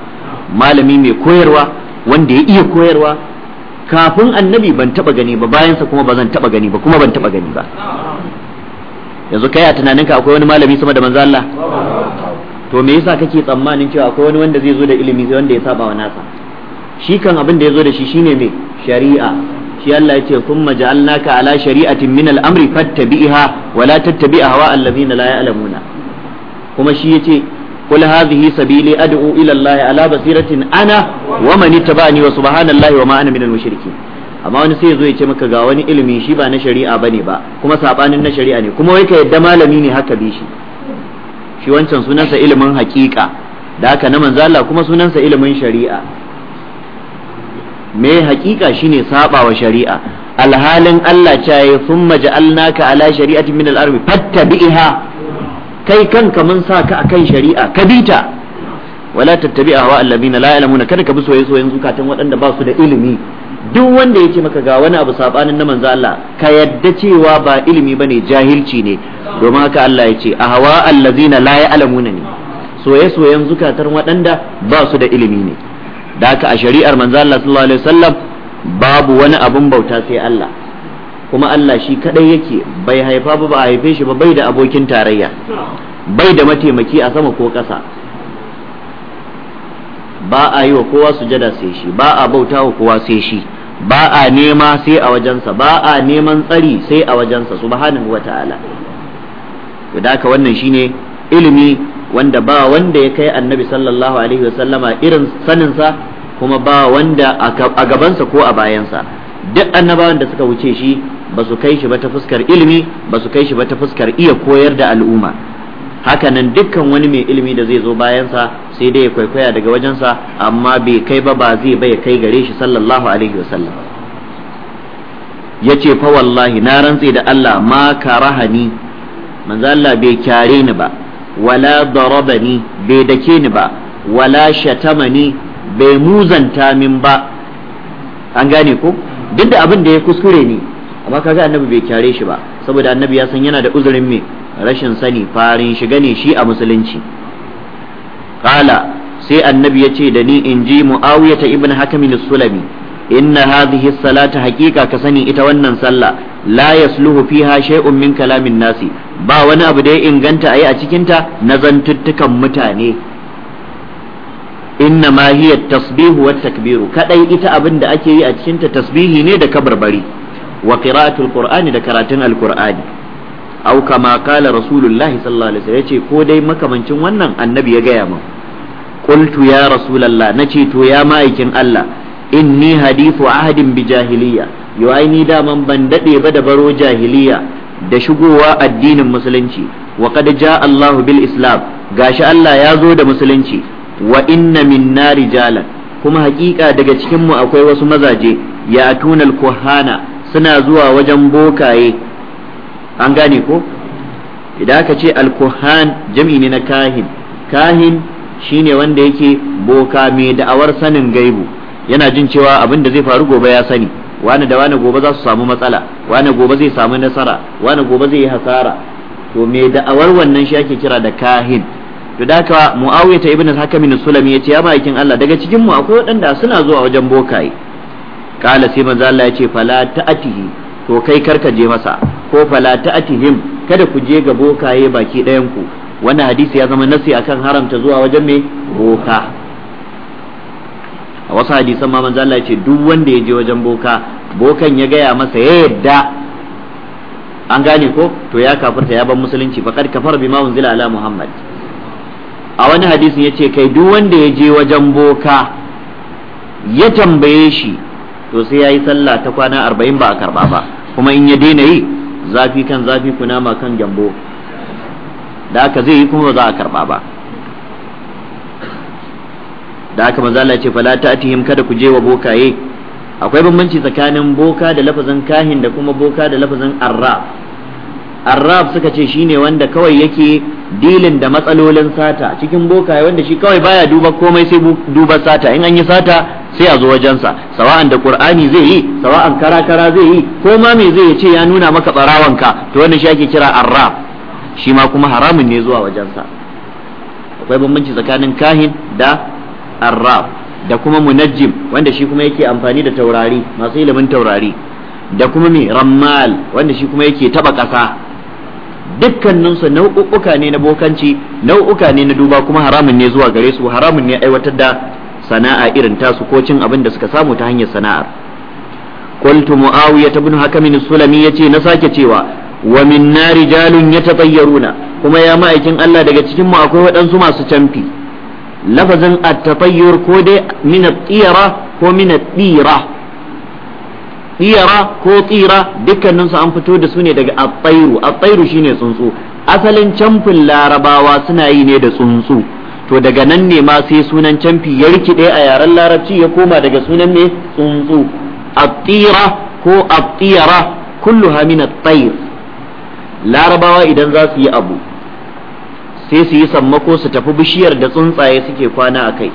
malami mai koyarwa wanda ya iya koyarwa kafin annabi ban taba gani ba bayansa kuma ba zan taba gani ba kuma ban taba gani ba yanzu kai a tunaninka akwai wani malami sama da manzon Allah to me yasa kake tsammanin cewa akwai wani wanda zai zo da ilimi sai wanda ya saba wa nasa shi kan abin da ya zo da shi shine me shari'a shi Allah ya ce kun maja'alnaka ala shari'atin min al'amri fattabi'iha wa la tattabi hawa allazina la ya'lamuna kuma shi yace qul hadhihi sabili ad'u ila Allah ala basiratin ana wa man ittaba'ani wa subhanallahi wa ma ana minal mushrikin amma wani sai zo ya ce maka ga wani ilimi shi ba na shari'a bane ba kuma sabanin na shari'a ne kuma wai ka yadda malami ne haka bi shi shi wancan sunansa ilimin hakika da haka na manzala kuma sunansa ilimin shari'a me hakika shine sabawa shari'a alhalin Allah ta yi thumma ja'alnaka ala shari'atin min al-ardi fattabi'ha kai kanka mun sa ka akan shari'a ka bita wala a hawa alladhina la ya'lamuna kada ka bi soyayyen zukatan waɗanda ba su da ilimi duk wanda ya ce maka ga wani abu sabanin na manzo Allah ka yadda cewa ba ilimi bane jahilci ne domin haka Allah ya ce ahwa allazina la ya'lamuna ne soye-soyen zukatar waɗanda ba su da ilimi ne da haka a shari'ar manzo Allah sallallahu alaihi wasallam babu wani abun bauta sai Allah kuma Allah shi kadai yake bai haifa ba ba a haife shi ba bai da abokin tarayya bai da mataimaki a sama ko ƙasa ba a yi wa kowa sujada sai shi ba a bauta wa kowa sai shi ba a nema sai a wajensa ba a neman tsari sai a wajensa subhanahu wata'ala da haka wannan shine ilimi wanda ba wanda ya kai annabi sallallahu alaihi wasallama irin saninsa kuma ba wanda a gabansa ko a bayansa duk annabawan da suka wuce shi ba su kai shi ba ta fuskar ilimi ba su kai shi ba ta fuskar iya koyar da al'umma hakanan dukkan wani mai ilimi da zai zo bayansa sai dai ya kwaikwaya daga wajensa amma bai kai ba ba zai bai kai gare shi sallallahu alaihi wasallam ya ce fa wallahi na rantse da Allah ma karahani manzo Allah bai kyare ni ba wala darabani bai dake ni ba wala shatamani bai muzanta min ba an gane ko duk da abin da ya kuskure ni amma kaga annabi bai kyare shi ba saboda annabi ya san yana da uzurin me rashin sani farin shiga ne shi a musulunci Kala sai annabi ya ce da ni in ji muawiyata ibn hakamin sulami inna hadhihi salata haqiqa ka sani ita wannan sallah la yasluhu fiha shay'un min kalamin nasi ba wani abu da ya inganta ayi a cikin ta na zantuttukan mutane inna ma hiya tasbihu wat takbiru kadai ita abin da ake yi a cikin ta tasbihi ne da kabarbari wa qira'atul qur'ani da karatun alqur'ani au kama kala rasulullahi sallallahu alaihi wasallam yace ko dai makamancin wannan annabi ya gaya min qultu ya rasulullah nace to ya ma'aikin Allah inni hadithu ahadin bi jahiliya yau ni daman ban daɗe ba da baro jahiliya da shigowa addinin musulunci wa qad ja Allah bil islam gashi Allah ya zo da musulunci wa inna min jalan. kuma haƙiƙa daga cikin mu akwai wasu mazaje ya tunal kuhana suna zuwa wajen bokaye an gane ko idan aka ce alkuhan jam'i ne na kahin kahin shine wanda yake boka mai da'awar sanin gaibu yana jin cewa abin da zai faru gobe ya sani wani da wani gobe za su samu matsala wani gobe zai samu nasara wani gobe zai yi hasara to me da'awar wannan shi ake kira da kahin to da haka mu'awiyata ibnu hakim bin sulami yace ya bakin Allah daga cikin mu akwai wadanda suna zuwa wajen bokaye kala sai manzo Allah yace fala ta'atihi to kai karka je masa ko fala ta'atihim kada ku je ga bokaye baki ɗayan ku wannan hadisi ya zama nasi akan haramta zuwa wajen me boka a wasu hadisan ma manzo Allah ce duk wanda ya je wajen boka bokan ya gaya masa ya yadda an gane ko to ya kafirta ya ban musulunci faqad kafara bima unzila ala muhammad a wani hadisin ce kai duk wanda ya je wajen boka ya tambaye shi to sai yayi sallah ta kwana 40 ba a karba ba kuma in ya daina yi zafi kan zafi kunama kan gyambo da aka zai yi kuma ba za a karba ba da aka manzo Allah ya ce fala ta'tihim kada ku je wa bokaye akwai bambanci tsakanin boka da lafazin kahin da kuma boka da lafazin arra arra suka ce shine wanda kawai yake dilin da matsalolin sata cikin bokaye wanda shi kawai baya duba komai sai duba sata in an yi sata sai a zo wajensa sawa'an da qur'ani zai yi sawa'an kara-kara zai yi ko ma me zai ce ya nuna maka tsarawanka to wannan shi ake kira arra shi ma kuma haramun ne zuwa wajensa akwai bambanci tsakanin kahin da arraf da kuma munajjim wanda shi kuma yake amfani da taurari masu ilimin taurari da kuma mai rammal wanda shi kuma yake taba ƙasa dukkaninsu nau'uka ne na bokanci nau'uka ne na duba kuma haramun ne zuwa gare su haramun ne aiwatar da sana'a irin tasu ko cin abin da suka samu ta hanyar sana'ar qultu muawiya ibn hakim sulami yace na sake cewa wa min rijalun yatatayyaruna kuma ya ma'aikin Allah daga cikin mu akwai waɗansu masu canfi lafazin at ko dai Mina tsira ko min tsira tira ko tsira dukkanin su an fito da su ne daga at-tayru shi ne shine tsuntsu asalin camfin larabawa suna yi ne da tsuntsu to daga nan ne ma sai sunan camfi ya rikide a yaren larabci ya koma daga sunan ne tsuntsu at ko at kulluha min larabawa idan za su yi abu sai su yi sammako su tafi bishiyar da tsuntsaye suke kwana a kai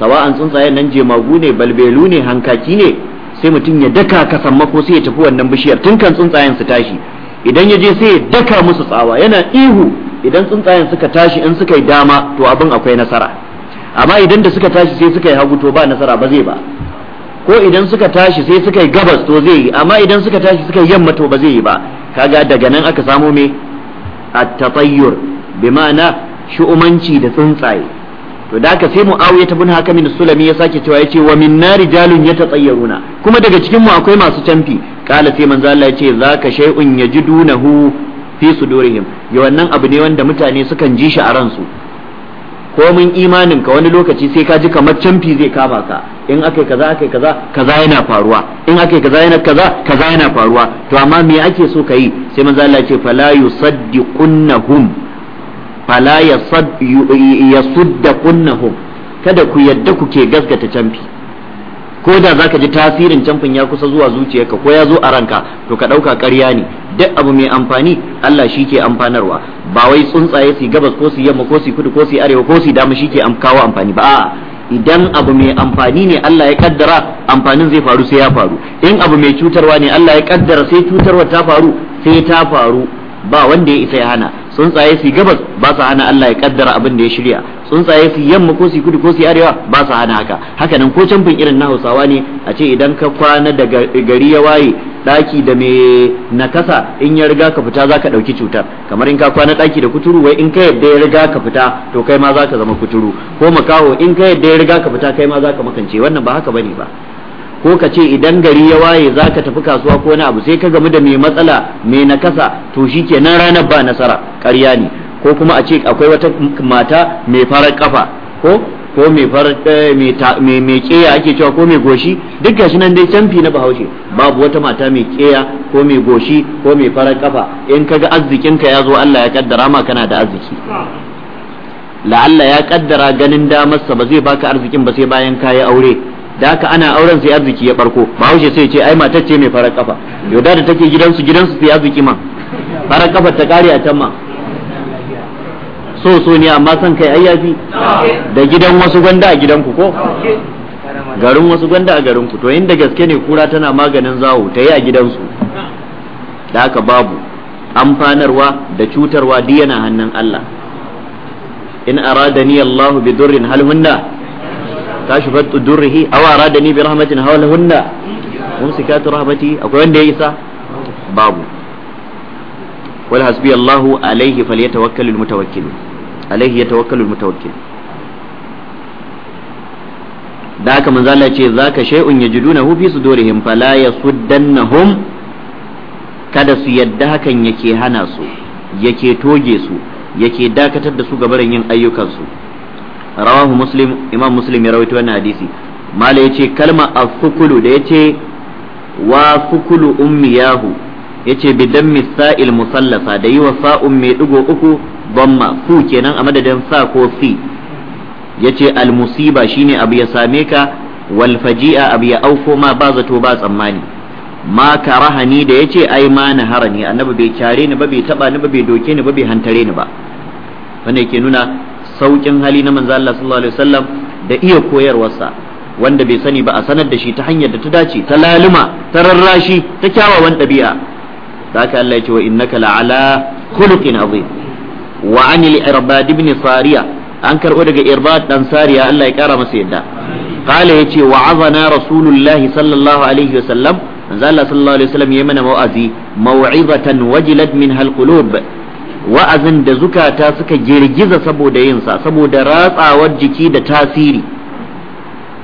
sawa'an tsuntsaye nan jemagu ne balbelu ne hankaki ne sai mutum ya daka ka sammako sai ya tafi wannan bishiyar tun kan tsuntsayen su tashi idan ya je sai ya daka musu tsawa yana ihu idan tsuntsayen suka tashi in suka yi dama to abin akwai nasara amma idan da suka tashi sai suka yi hagu to ba nasara ba zai ba ko idan suka tashi sai suka yi gabas to zai yi amma idan suka tashi suka yi yamma to ba zai yi ba kaga daga nan aka samo me at-tatayyur bi ma'ana shu'umanci da tsuntsaye to da ka sai muawiya ibn hakim sulami ya sake cewa yace wa min nari jalun yatatayyaruna kuma daga cikin mu akwai masu canfi kala sai manzo Allah yace zaka shay'un yajidunahu fi sudurihim ya wannan abu ne wanda mutane sukan ji shi a ransu ko mun imanin ka wani lokaci sai ka ji kamar canfi zai kama ka in akai kaza akai kaza kaza yana faruwa in akai kaza yana kaza kaza yana faruwa to amma me ake so ka sai manzo Allah yace fala yusaddiqunnahum fala yasuddaqunnahum kada ku yadda kuke gasgata camfi ko da zaka ji tasirin camfin ya kusa zuwa zuciyarka ko ya zo a ranka to ka ɗauka ƙarya ne duk abu mai amfani Allah shi ke amfanarwa ba wai tsuntsaye su gabas ko su yamma ko su kudu ko su arewa ko su dama shi ke kawo amfani ba a'a idan abu mai amfani ne Allah ya kaddara amfanin zai faru sai ya faru in abu mai cutarwa ne Allah ya kaddara sai cutarwa ta faru sai ta faru ba wanda ya isa ya hana tsuntsaye su gabas ba su hana Allah ya kaddara abin da ya shirya tsuntsaye su yamma ko su kudu ko su arewa ba su hana haka haka nan ko canfin irin na Hausawa ne a ce idan ka kwana da gari ya waye daki da me nakasa in ya riga ka fita zaka dauki cutar kamar in ka kwana daki da kuturu wai in ka yadda ya riga ka fita to kai ma zaka zama kuturu ko makaho in ka yadda ya riga ka fita kai ma zaka makance wannan ba haka bane ba ko ka ce idan gari ya waye za ka tafi kasuwa ko wani abu sai ka gamu da mai matsala mai nakasa to shi ke kenan ranar ba nasara ƙarya ne ko kuma a ce akwai wata mata mai farar kafa ko ko mai farar eh, mai keya ake cewa ko mai goshi duk gashi nan dai canfi na bahaushe babu wata mata mai keya ko mai goshi ko mai farar kafa in kaga arzikinka ya zo Allah ya kaddara ma kana da arziki la'alla ya kaddara ganin damarsa ba zai baka arzikin ba sai bayan kayi aure da haka ana auren sai arziki ya barko bahaushe sai ce ai matar ce mai farar kafa yoda da take gidansu gidansu sai arziki ma farar kafa ta kare a can ma so so ne amma san kai ai yafi da gidan wasu gwanda a gidanku ko garin wasu gwanda a garinku to inda gaske ne kura tana maganin zawo ta yi a gidansu da haka babu amfanarwa da cutarwa duk yana hannun Allah in aradani Allahu bi durrin hal hunna kashifat durrihi aw aradani bi rahmatin hawlahunna mumsikatu rahmati akwai wanda ya sa babu wal hasbi Allahu alaihi falyatawakkalul mutawakkil alayhi yatawakkalul mutawakkil da haka manzo Allah ce zaka shay'un yajidunahu fi sudurihim fala yasuddannahum kada su yadda hakan yake hana su yake toge su yake dakatar da su gabarin yin ayyukansu rawahu muslim imam muslim ya rawaito wannan hadisi mala yace kalma afukulu da yace wa fukulu ummiyahu yace bi dammi sa'il musallasa da yi wa sa'un mai digo uku bamma fu kenan a madadin sa ko fi yace al musiba shine abu ya same ka wal faji'a abu ya auko ma ba zato ba tsammani ma karahani da yace ai ma na harani annabi bai care ni ba bai taba ni ba bai doke ni ba bai hantare ni ba wanda yake nuna saukin hali na manzo Allah sallallahu alaihi wasallam da iya koyarwarsa wanda bai sani ba a sanar da shi ta hanyar da ta dace ta laluma ta rarrashi ta kyawawan ɗabi'a da haka Allah ya ce wa innaka la'ala khuluqin azim wa anil irbad ibn sariya an karbo daga irbad dan sariya Allah ya kara masa yadda qala yace wa azana rasulullahi sallallahu alaihi wasallam manzo Allah sallallahu alaihi wasallam yayi mana mau'azi mau'izatan wajilat minha alqulub wa'azin da zukata suka girgiza saboda yinsa saboda ratsawar jiki da tasiri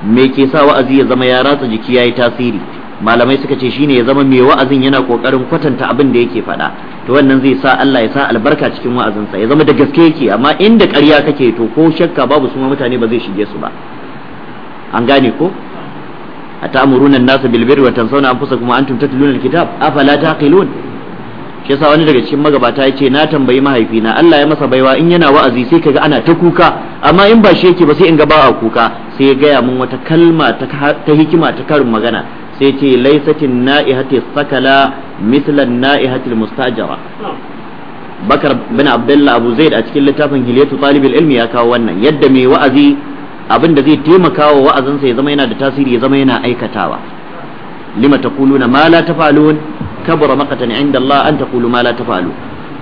me ke sa wa'azi ya zama ya ratsa jiki ya yi tasiri malamai suka ce shine ya zama mai wa'azin yana kokarin kwatanta abin da yake faɗa to wannan zai sa Allah ya sa albarka cikin wa'azinsa ya zama da gaske yake amma inda ƙarya kake to ko shakka babu su mutane ba zai shige su ba an gane ko atamuruna an-nasa bil birri wa tansawna anfusakum wa antum tatluna al-kitab afala taqilun kisa wani daga cikin magabata ya ce na tambayi mahaifina Allah ya masa baiwa in yana wa'azi sai kaga ana ta kuka amma in ba shi yake ba sai in ga ba a kuka sai ya gaya min wata kalma ta hikima ta karin magana sai ce laisatin na'ihati sakala mislan na'ihati mustajara bakar bin abdullah abu zaid a cikin littafin hilyatu talibul ilmi ya kawo wannan yadda mai wa'azi abin da zai taimaka wa wa'azinsa ya zama yana da tasiri ya zama yana aikatawa lima taquluna ma la tafalun kabura maqatan inda Allah an taqulu ma la taf'alu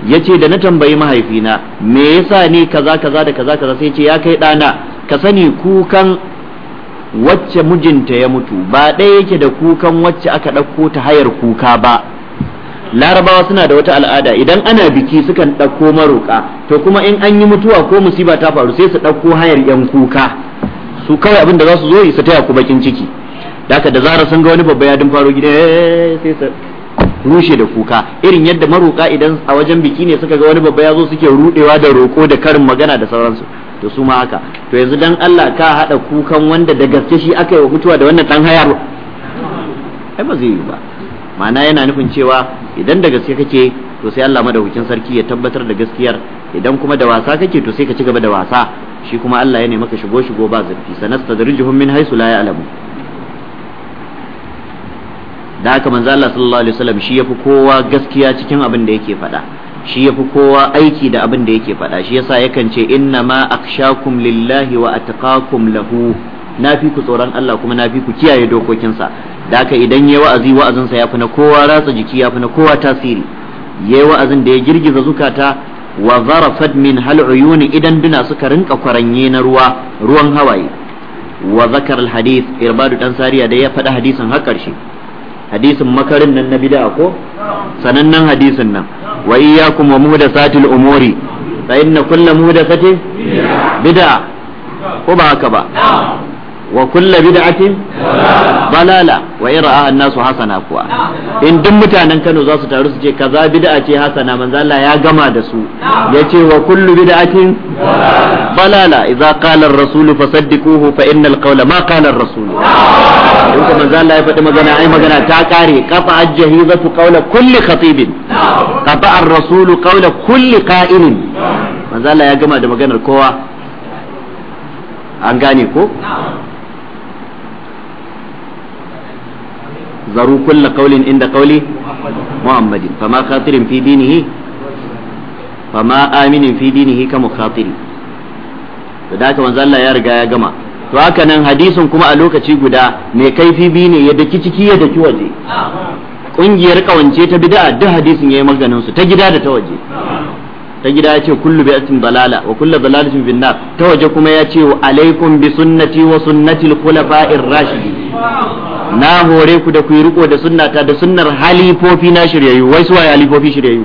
yace da na tambayi mahaifina me yasa ni kaza kaza da kaza kaza sai ce ya kai dana ka sani kukan wacce mijinta ya mutu ba ɗaya yake da kukan wacce aka ɗauko ta hayar kuka ba larabawa suna da wata al'ada idan ana biki sukan dauko maroƙa to kuma in an yi mutuwa ko musiba ta faru sai su ɗauko hayar yan kuka su kawai abin da za su zo su taya ku bakin ciki da da zarar sun ga wani babba ya dun faro gida eh, sai su rushe da kuka irin yadda maroka idan a wajen biki ne suka ga wani babba ya zo suke rudewa da roko da karin magana da sauransu to su ma haka to yanzu dan Allah ka hada kukan wanda da gaske shi aka yi wa mutuwa da wannan dan hayar ai ba zai yi ba ma'ana yana nufin cewa idan da gaske kake to sai Allah madaukakin sarki ya tabbatar da gaskiyar idan kuma da wasa kake to sai ka ci gaba da wasa shi kuma Allah ya ne maka shigo shigo ba zafi zurfi darijuhum min haythu la ya'lamu da haka manzo Allah sallallahu alaihi wasallam shi yafi kowa gaskiya cikin abin da yake faɗa shi yafi kowa aiki da abin da yake faɗa shi yasa yakan ce inna ma akhshakum lillahi wa atqakum lahu na fi ku tsoron Allah kuma na fi ku kiyaye dokokinsa da haka idan yayi wa'azi wa'azinsa ya fi na kowa ratsa jiki ya fi na kowa tasiri yayi wa'azin da ya girgiza zukata wa zarafat min hal uyuni idan duna suka rinka kwaranye na ruwa ruwan hawaye wa zakar al hadith irbadu dan sariya da ya faɗa hadisin har karshe. hadisin makarin nan na bid'a ko sanannen hadisin nan wa iyyakum wa muhdathatil umuri fa inna kullu muhdathatin bid'a ko ba haka ba wa kullu bid'atin balala wa ira'a annasu hasana kuwa in duk mutanen Kano za su taru su ce kaza bid'a ce hasana manzo Allah ya gama da su yace wa kullu bid'atin balala idza qala ar-rasulu fasaddiquhu fa innal qawla ma qala ar-rasulu in ka manzo Allah ya faɗi magana ai magana ta kare kafa su kaula kulli khatibin
kafa
ar-rasulu kaula kulli qa'ilin manzo Allah ya gama da maganar kowa an gane ko zaru kulli qaulin inda qauli muhammadin fama khatirin fi dinihi fama aminin fi dinihi ka mukhatiri da haka manzo Allah ya riga ya gama to haka nan hadisin kuma a lokaci guda mai kaifi biyu ne ya daki ciki ya daki waje kungiyar kawance ta bid'a duk hadisin yayi maganin su ta gida da ta waje ta gida ya ce kullu bi'atin dalala wa kullu dalalatin bin nar ta waje kuma ya ce alaikum bi sunnati wa sunnatil khulafa'ir rashidin na hore ku da ku yi riko da sunnata da sunnar halifofi na shiryayyu wai su waye halifofi shiryayyu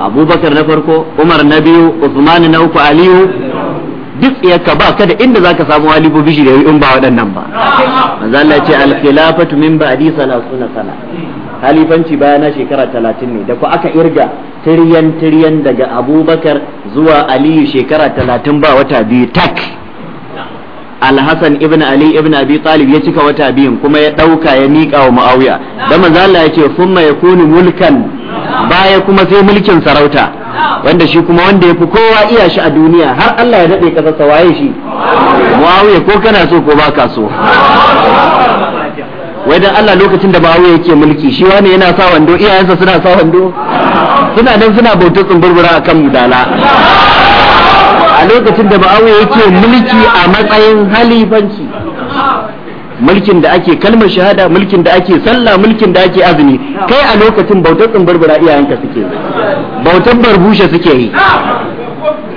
abubakar na farko umar na biyu usman na uku aliyu duk tsiyarka ba ka da inda zaka samu walibu bishi da in ba waɗannan ba manzo Allah ya ce al khilafatu min ba'di salasuna sana halifanci bayana shekara talatin ne da ku aka irga tiryan tiryan daga abubakar zuwa aliyu shekara talatin ba wata biyu tak alhassan ibn ali ibn abi talib ya cika wata biyun kuma ya ɗauka ya miƙa wa mu'awiya da manzo Allah ya ce summa yakunu mulkan baya kuma sai mulkin sarauta wanda shi kuma wanda ya fi kowa iya shi a duniya har Allah ya daɗe ƙasarsa waye shi Muawiya ko kana so ko baka so wai dan Allah lokacin da Muawiya yake mulki shi wani yana sa wando iyayensa suna sa wando suna dan suna bautar tsumburbura akan mudala a lokacin da Muawiya yake mulki a matsayin halifanci mulkin da ake kalmar shahada mulkin da ake sallah mulkin da ake azumi kai a lokacin bautar tsumburbura iyayenka suke bautar barbushe suke yi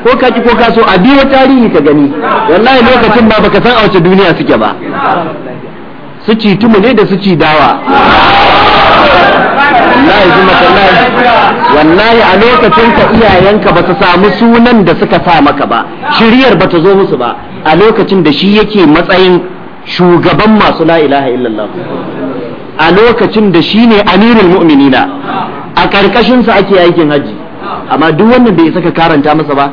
ko ka ki ko ka so a biyo tarihi ka gani wallahi lokacin ba baka san a wace duniya suke ba su ci tumu ne da su ci dawa wallahi zuma wallahi wallahi a lokacin ka iyayenka ba su samu sunan da suka sa maka ba shiriyar ba ta zo musu ba a lokacin da shi yake matsayin shugaban masu la'ilaha illallah a lokacin da shi ne amirul mu'minina a ƙarƙashinsa ake aikin hajji amma duk wannan bai isa ka karanta masa ba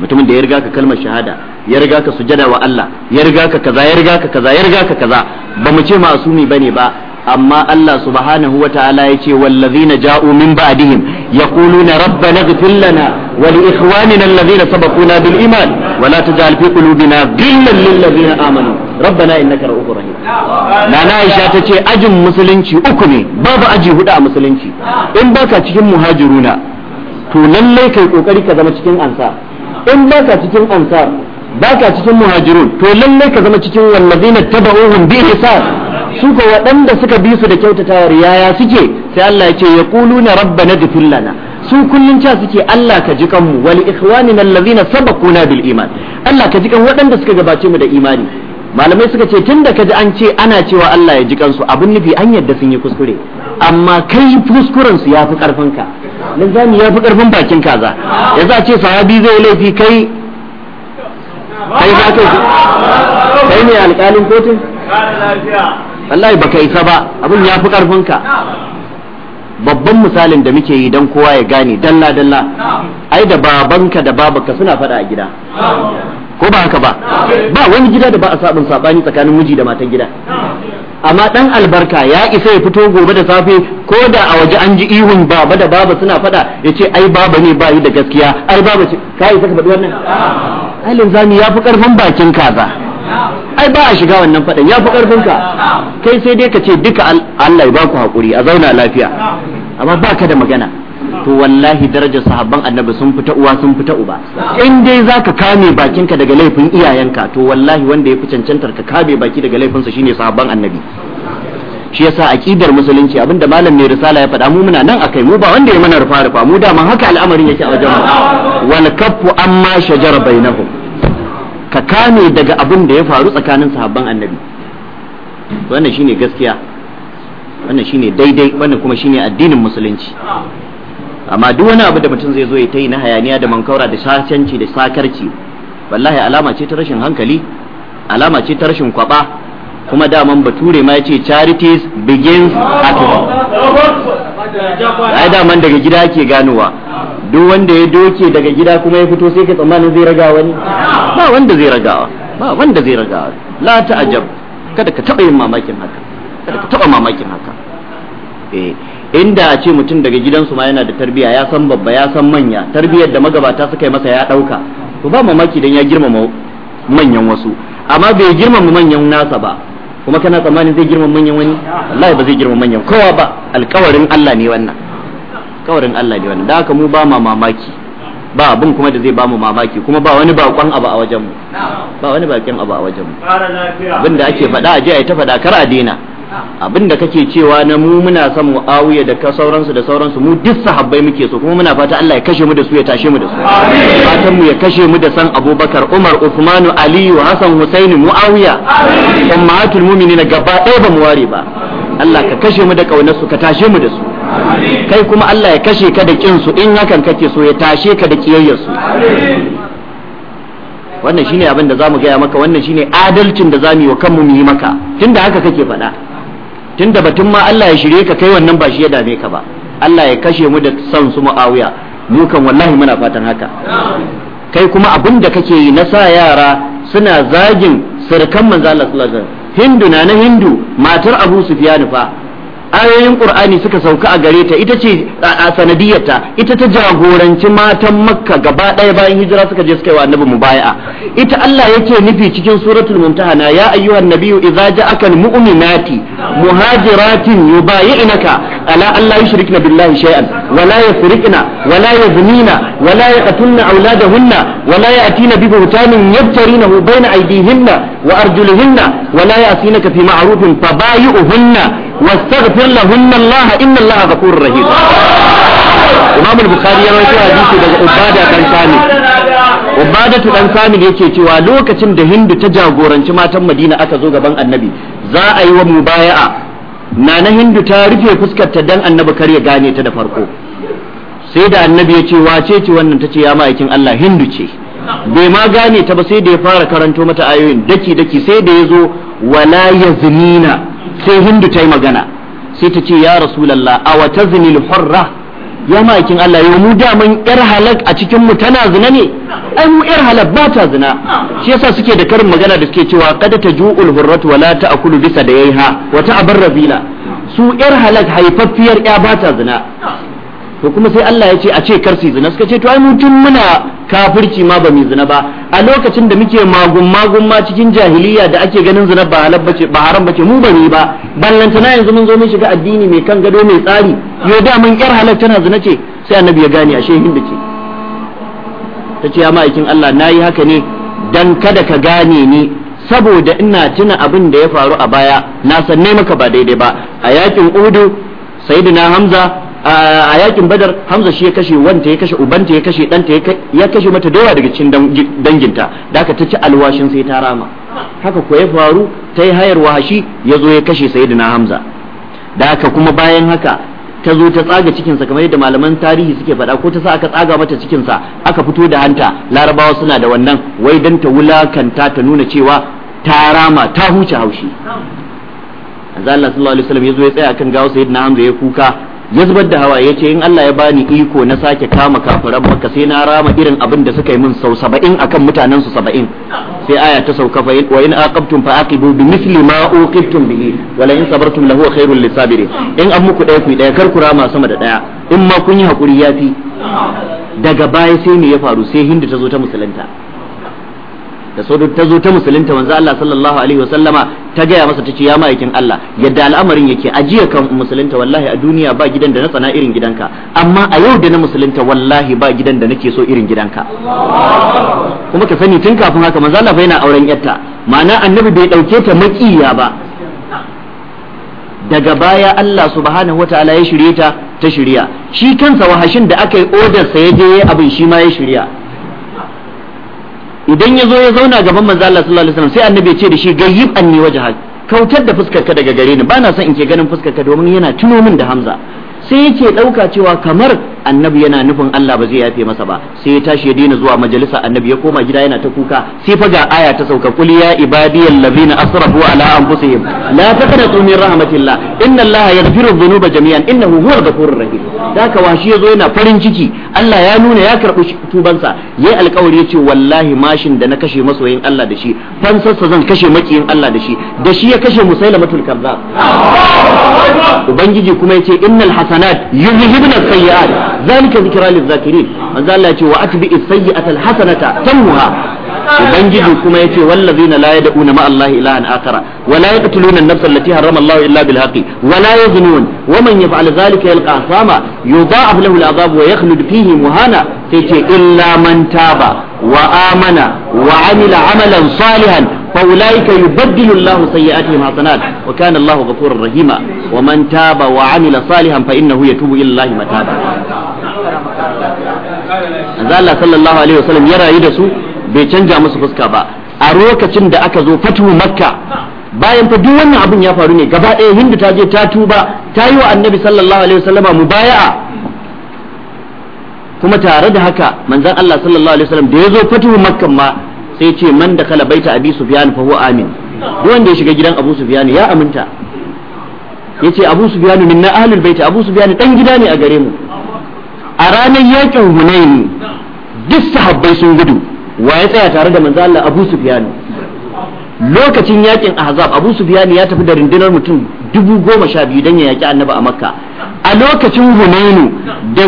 mutumin da ya riga ka kalmar shahada ya riga ka sujada wa Allah ya riga ka kaza ya riga ka kaza ya riga ka kaza ba mu ce ma'asumi bane ba amma Allah subhanahu wa ta'ala ya ce wallazina ja'u min ba'dihim yaquluna rabbana ighfir lana wa li ikhwanina alladhina sabaquna bil iman wa la taj'al fi qulubina ghillan lil ladzina amanu rabbana innaka ra'ufur rahim
nana aisha ta
ce ajin musulunci uku ne babu aji hudu a musulunci in baka cikin muhajiruna to lallai kai kokari ka zama cikin ansar in baka cikin ansar baka cikin muhajirun to lallai ka zama cikin wallazina tabauhum bi ihsan su ko waɗanda suka bi su da kyautatawa riyaya suke sai Allah ya ce yaquluna rabbana ghfir lana su kullun ca suke Allah ka jikan mu, ji kanmu wal ikhwanina allazina sabaquna bil iman Allah ka jikan waɗanda suka gabace mu da imani malamai suka ce tun da kaji an ce ana cewa Allah ya ji kansu abin nufi an yadda sun yi kuskure amma kai kuskuren su yafi karfin ka nan zami yafi karfin bakin kaza ya a ce sahabi zai laifi kai
kai za ka kai ne alƙalin
kotun wallahi baka isa ba abin yafi karfin ka babban misalin da muke yi dan kowa ya gane dalla dalla ai da babanka da babanka suna fada a gida ko ba haka ba ba wani gida da ba a sabon sabani tsakanin miji da matan gida amma dan albarka ya isa ya fito gobe da safe ko da a waje an ji ihun baba da baba suna fada ya ce ai baba ne ba yi da gaskiya ai baba ce ka isa ka faɗi wannan ai linzami ya fi karfin bakin kaza ai ba a shiga wannan fadan ya fi karfin ka kai sai dai ka ce duka Allah ya baku hakuri a zauna lafiya amma baka da magana to wallahi darajar sahabban annabi sun fita uwa sun fita uba in dai zaka kame bakinka daga laifin iyayenka to wallahi wanda ya fi cancantar ka kame baki daga laifinsa shine sahabban annabi shi yasa aqidar musulunci abinda malam mai risala ya faɗa mu muna nan akai mu ba wanda ya mana rufa rufa mu dama haka al'amarin yake a wajen wal kaffu amma shajar bainahum ka kame daga abin da ya faru tsakanin sahabban annabi wannan shine gaskiya wannan shine daidai wannan kuma shine addinin musulunci amma duk wani abu da mutum zai zo ya ta yi na hayaniya da mankaura da sacanci da sakarci wallahi alama ce ta rashin hankali alama ce ta rashin kwaba kuma daman bature ma yace ce charities begins at
home ai daman daga gida ke
ganowa duk wanda ya doke daga gida kuma ya fito sai ka tsammanin zai raga wani ba wanda zai ragawa ba wanda zai ragawa la ta'ajab kada ka taba yin mamakin haka kada ka taba mamakin haka eh inda a ce mutum daga gidansu ma yana da tarbiya ya san babba ya san manya tarbiyar da magabata suka yi masa ya dauka to ba mamaki dan ya girmama manyan wasu amma bai girmama manyan nasa ba kuma kana tsammanin zai girmama manyan wani wallahi ba zai girmama manyan kowa ba alkawarin Allah ne wannan kawarin Allah ne wannan da haka mu ba ma mamaki ba abin kuma da zai ba mu mamaki kuma ba wani bakon abu a wajen mu ba wani bakin abu a wajen mu
abin da ake faɗa a ji
a ta faɗa kar a daina Abin da kake cewa na mu muna son muawiya da sauransu da sauransu mu duk sahabbai muke so kuma muna fata Allah ya kashe mu da su ya tashe mu da su fatan mu ya kashe mu da san Abubakar Umar Uthman Ali wa Hassan Husaini Muawiya ummatul mu'minina gaba ɗaya ba mu ware ba Allah ka kashe mu da kaunar su ka tashe mu da su kai kuma Allah ya kashe ka da kin su in hakan kake so ya tashe ka da kiyayyar su wannan shine abin da zamu gaya maka wannan shine adalcin da zamu yi wa kanmu mu yi maka tunda haka kake faɗa tunda batun ma Allah ya shirye ka kai wannan ba shi ya dame ka ba Allah ya kashe mu da son su Muawiya mu kan wallahi muna fatan haka kai kuma abin da kake yi na sa yara suna zagin sirkan manzo Allah sallallahu alaihi wasallam hindu na na hindu matar Abu Sufyan fa ayoyin qur'ani suka sauka a gare ta ita ce a sanadiyarta ita ta jagoranci matan makka gaba ɗaya bayan hijira suka je suka yi wa annabi mubaya'a ita Allah yake nufi cikin suratul mumtahana ya ayyuhan nabiyyu idza ja'aka almu'minati muhajiratin yubayi'naka ala an la yushrikna billahi shay'an wa la wala wa la yaznina wa la yaqtulna awladahunna wa la ya'tina bi buhtanin yabtarinahu bayna aydihinna wa arjulihinna wa la fi ma'rufin fabayi'uhunna واستغفر لهن الله ان الله غفور رحيم امام البخاري يروي حديث daga
Ubada dan Samit
Ubada dan Samit yake cewa lokacin da Hindu ta jagoranci matan Madina aka zo gaban Annabi za a yi wa mubaya'a nana Hindu ta rufe fuskar ta dan Annabi kar ya gane ta da farko sai da Annabi ya ce wace ce wannan tace ya ma'aikin Allah Hindu ce bai ma gane ta ba sai da ya fara karanto mata ayoyin daki daki sai da ya zo wala yazinina sai hindu ta yi magana sai ta ce ya rasulallah a wata zinil hurra ya ma'aikin Allah yau mu daman yar halak a cikin mu tana zina ne ai mu yar halak ba ta zina shi yasa suke da karin magana da suke cewa kada ta ju'ul hurratu wala ta ta'kulu bisa da yaiha wata abarrabila su yar halak haifaffiyar ya ba ta zina to kuma sai Allah ya ce a ce kar su zina suka ce to ai mu tun muna kafirci ma ba mu zina ba a lokacin da muke magun magun ma cikin jahiliya da ake ganin zina ba halal bace ba haram bace mu bari ba ballantana yanzu mun zo mun shiga addini mai kan gado mai tsari yo da mun yar halal tana zina ce sai annabi ya gane ashe da ce tace ya ma'aikin Allah nayi haka ne dan kada ka gane ni saboda ina tuna abin da ya faru a baya na san sanne maka ba daidai ba a yakin udu sayyidina hamza a yakin badar hamza shi ya kashe wanta ya kashe ubanta ya kashe danta ya kashe mata dawa daga cikin danginta da aka ta ci alwashin sai ta rama haka ko ya faru ta yi hayar wahashi ya zo ya kashe sayyidina hamza da aka kuma bayan haka ta zo ta tsaga cikinsa kamar yadda malaman tarihi suke faɗa ko ta sa aka tsaga mata cikinsa aka fito da hanta larabawa suna da wannan wai dan ta wulakanta ta nuna cewa ta rama ta huce haushi Allah sallallahu alaihi wasallam yazo ya tsaya kan gawo sayyidina Hamza ya kuka ya da hawa ya ce in Allah ya bani iko na sake kama kafiran maka sai na rama irin abin da suka yi min sau saba'in akan mutanen su saba'in sai aya ta sauka fa wa in aqabtum fa aqibu bi misli ma uqibtum bihi wa la in sabartum lahu khairul lisabirin in an muku daya ku daya kar ku rama sama da daya in ma kun yi hakuri yafi daga baya sai me ya faru sai hindu ta zo ta musulunta da so ta zo ta musulunta manzo Allah sallallahu alaihi wasallama ta gaya masa ta ce ya ma'aikin Allah yadda al'amarin yake ajiya kan musulunta wallahi a duniya ba gidan da na tsana irin gidanka amma a yau da na musulunta wallahi ba gidan da nake so irin gidanka kuma ka sani tun kafin haka manzo Allah yana auren yarta ma'ana annabi bai dauke ta makiya ba daga baya Allah subhanahu wataala ya shirye ta ta shirya shi kansa wahashin da aka yi odar sa ya je abin shi ma ya shirya idan ya zo ya zauna gaban manzo Allah sallallahu alaihi wasallam sai annabi ya ce da shi gayyib anni wajha kautar da fuskar ka daga gare ni bana son in ke ganin fuskar ka domin yana tuno min da Hamza sai yake dauka cewa kamar annabi yana nufin Allah ba zai yafe masa ba sai ya tashi ya daina zuwa majalisa annabi ya koma gida yana ta kuka sai fa ga aya ta sauka qul ya ibadiyal ladina asrafu ala anfusihim la taqnatu min rahmatillah inna Allah yaghfiru dhunuba jami'an innahu huwal ghafurur rahim daka washi yazo yana farin ciki Allah ya nuna ya karbi tubansa yayi alƙawari yace wallahi mashin da na kashe masoyin Allah da shi fansarsa zan kashe makiyin Allah da shi da shi ya kashe musailamatul kazzab ubangiji kuma yace innal hasanat yuzhibna sayyi'at ذلك ذكرى للذاكرين من ذا الله واتبع السيئة الحسنة تموها ومن كما يتي والذين لا يدعون مع الله إلها آخر ولا يقتلون النفس التي هرم الله إلا بالحق ولا يظنون ومن يفعل ذلك يلقى أصاما يضاعف له العذاب ويخلد فيه مهانا فيتي إلا من تاب وآمن وعمل عملا صالحا فأولئك يبدل الله سيئاتهم حسنات وكان الله غفورا رحيما wa man taba wa amila يتوب fa الله متابا ila الله صلى الله Allah sallallahu alaihi يدسو ya rayu da su bai canja musu fuska ba a lokacin da aka zo fatu makka bayan fa duk wannan abun ya faru ne gaba ɗaya hindu ta je ta tuba ta yi wa annabi sallallahu alaihi wasallam mubaya'a kuma tare da haka manzon Allah sallallahu alaihi wasallam da ya zo fatu makka ma sai ce man da kala baita abi sufyan fa huwa amin duk wanda ya shiga gidan abu sufyan ya aminta yace Abu Sufyan min na ahlul bait Abu Sufyan dan gida ne a gare mu a ranar yakin Hunayn duk sahabbai sun gudu wa ya tsaya tare da manzo Allah Abu Sufyan lokacin yakin Ahzab Abu Sufyan ya tafi da rundunar mutum dubu goma sha biyu dan ya yaki Annabi a Makka
a lokacin Hunayn
da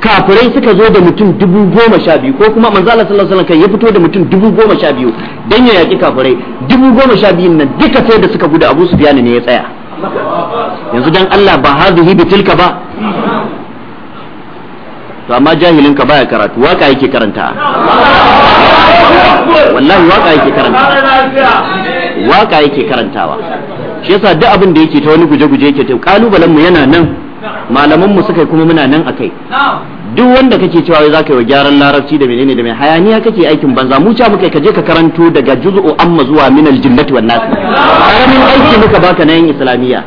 kafirai suka zo da mutum dubu goma sha biyu ko kuma manzo Allah sallallahu alaihi wasallam ya fito da mutum dubu goma sha biyu dan ya yaki kafirai dubu goma sha biyun nan duka sai da suka gudu Abu Sufyan ne ya tsaya yanzu dan Allah ba hadhihi bi tilka ba to amma jahilin ka baya karatu waka yake karanta
wallahi waka yake karanta waka yake karantawa
shi yasa duk abin da yake ta wani guje-guje yake ta kalubalen mu yana nan
malaman mu suka
kuma muna nan akai duk wanda kake cewa za ka yi wa gyaran larabci da menene da mai hayaniya kake aikin banza mu ca muka ka je ka karanto daga juz'u amma zuwa min aljinnati wan nas karamin aiki muka baka na yin islamiyya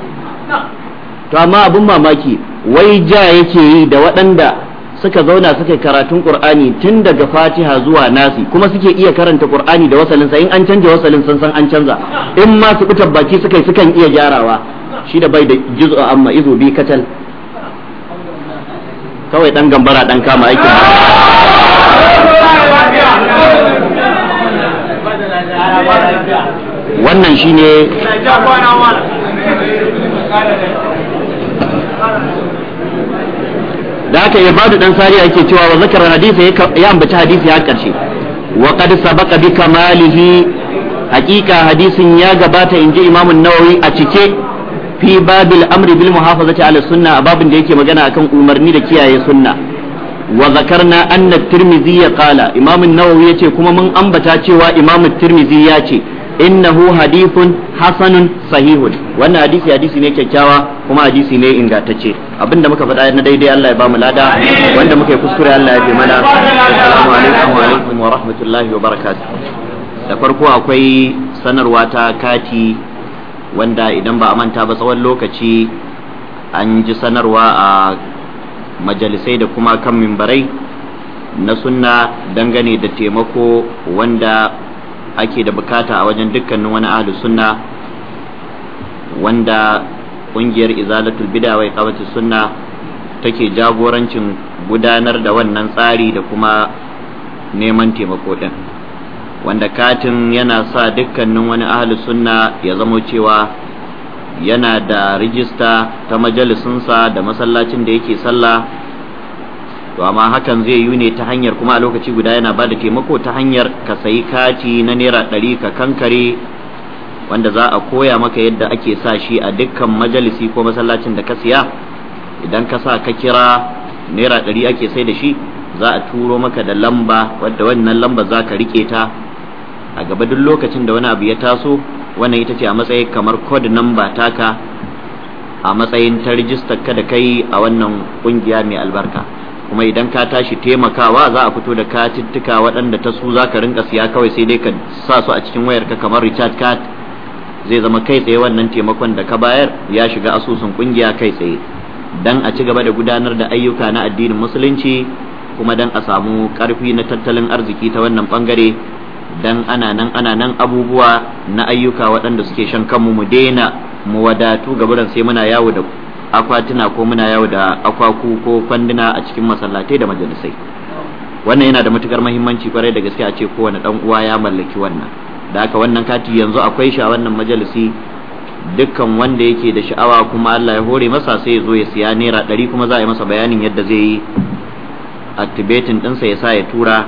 to amma abin mamaki wai ja yake yi da waɗanda suka zauna suka yi karatun qur'ani tun daga fatiha zuwa nasi kuma suke iya karanta qur'ani da wasalin sa in an canja wasalin sun san an canza in ma su kutar baki suka yi sukan iya gyarawa shi da bai da juz'u amma izu bi katal kawai dan gambara dan kama aikin wannan shine da aka yi badu dan sariya yake cewa wa zakar hadisi ya ambaci hadisi ya karshe wa qad sabaqa bi kamalihi hakika hadisin ya gabata inji imamun nawawi a cike fi babil amri bil muhafazati ala sunna a babin da yake magana akan umarni da kiyaye sunna wa zakarna anna tirmidhi ya qala imam an-nawawi yace kuma mun ambata cewa imam tirmidhi ya ce innahu hadithun hasanun sahihun wannan hadisi hadisi ne kyakkyawa kuma hadisi ne ingantacce abinda muka faɗa na daidai Allah ya bamu lada wanda muka yi kuskure Allah ya bi mana assalamu alaikum wa rahmatullahi wa barakatuh da farko akwai sanarwa ta kati wanda idan ba a manta ba tsawon lokaci an ji sanarwa a majalisai da kuma kan mimbarai na sunna dangane da taimako wanda ake da bukata a wajen dukkanin wani ahli sunna wanda ƙungiyar izalatul bida wai sunna take jagorancin gudanar da wannan tsari da kuma neman taimako ɗin. wanda katin yana sa dukkanin wani ahli sunna ya zamo cewa yana da rijista ta majalisunsa da masallacin da yake sallah to amma hakan zai yi ne ta hanyar kuma a lokaci guda yana ba da taimako ta hanyar ka sayi kati na naira ɗari ka kankare wanda za a koya maka yadda ake sa shi a dukkan majalisi ko masallacin da ka siya idan ka sa ka kira naira ɗari ake sai da shi za a turo maka da lamba wadda wannan lamba za ka rike ta a gaba duk lokacin da wani abu ya taso wannan ita ce a matsayin kamar code number taka a matsayin ta rijistar ka da kai a wannan kungiya mai albarka kuma idan ka tashi taimakawa za a fito da katittuka waɗanda ta su za ka rinka siya kawai sai dai ka sa su a cikin wayarka kamar richard card zai zama kai tsaye wannan taimakon da ka bayar ya shiga asusun kungiya kai tsaye dan a ci gaba da gudanar da ayyuka na addinin musulunci kuma dan a samu karfi na tattalin arziki ta wannan bangare dan ana nan ana nan abubuwa na ayyuka waɗanda suke shan kanmu mu daina mu wadatu gaburan sai muna yawo da akwatuna ko muna yawo da akwaku ko kwanduna a cikin masallatai da majalisai wannan yana da matukar muhimmanci kwarai da gaske a ce kowane dan uwa ya mallaki wannan da haka wannan kati yanzu akwai shi a wannan majalisi dukkan wanda yake da sha'awa kuma Allah ya hore masa sai ya zo ya siya naira ɗari kuma za a yi masa bayanin yadda zai yi activating ɗinsa ya sa ya tura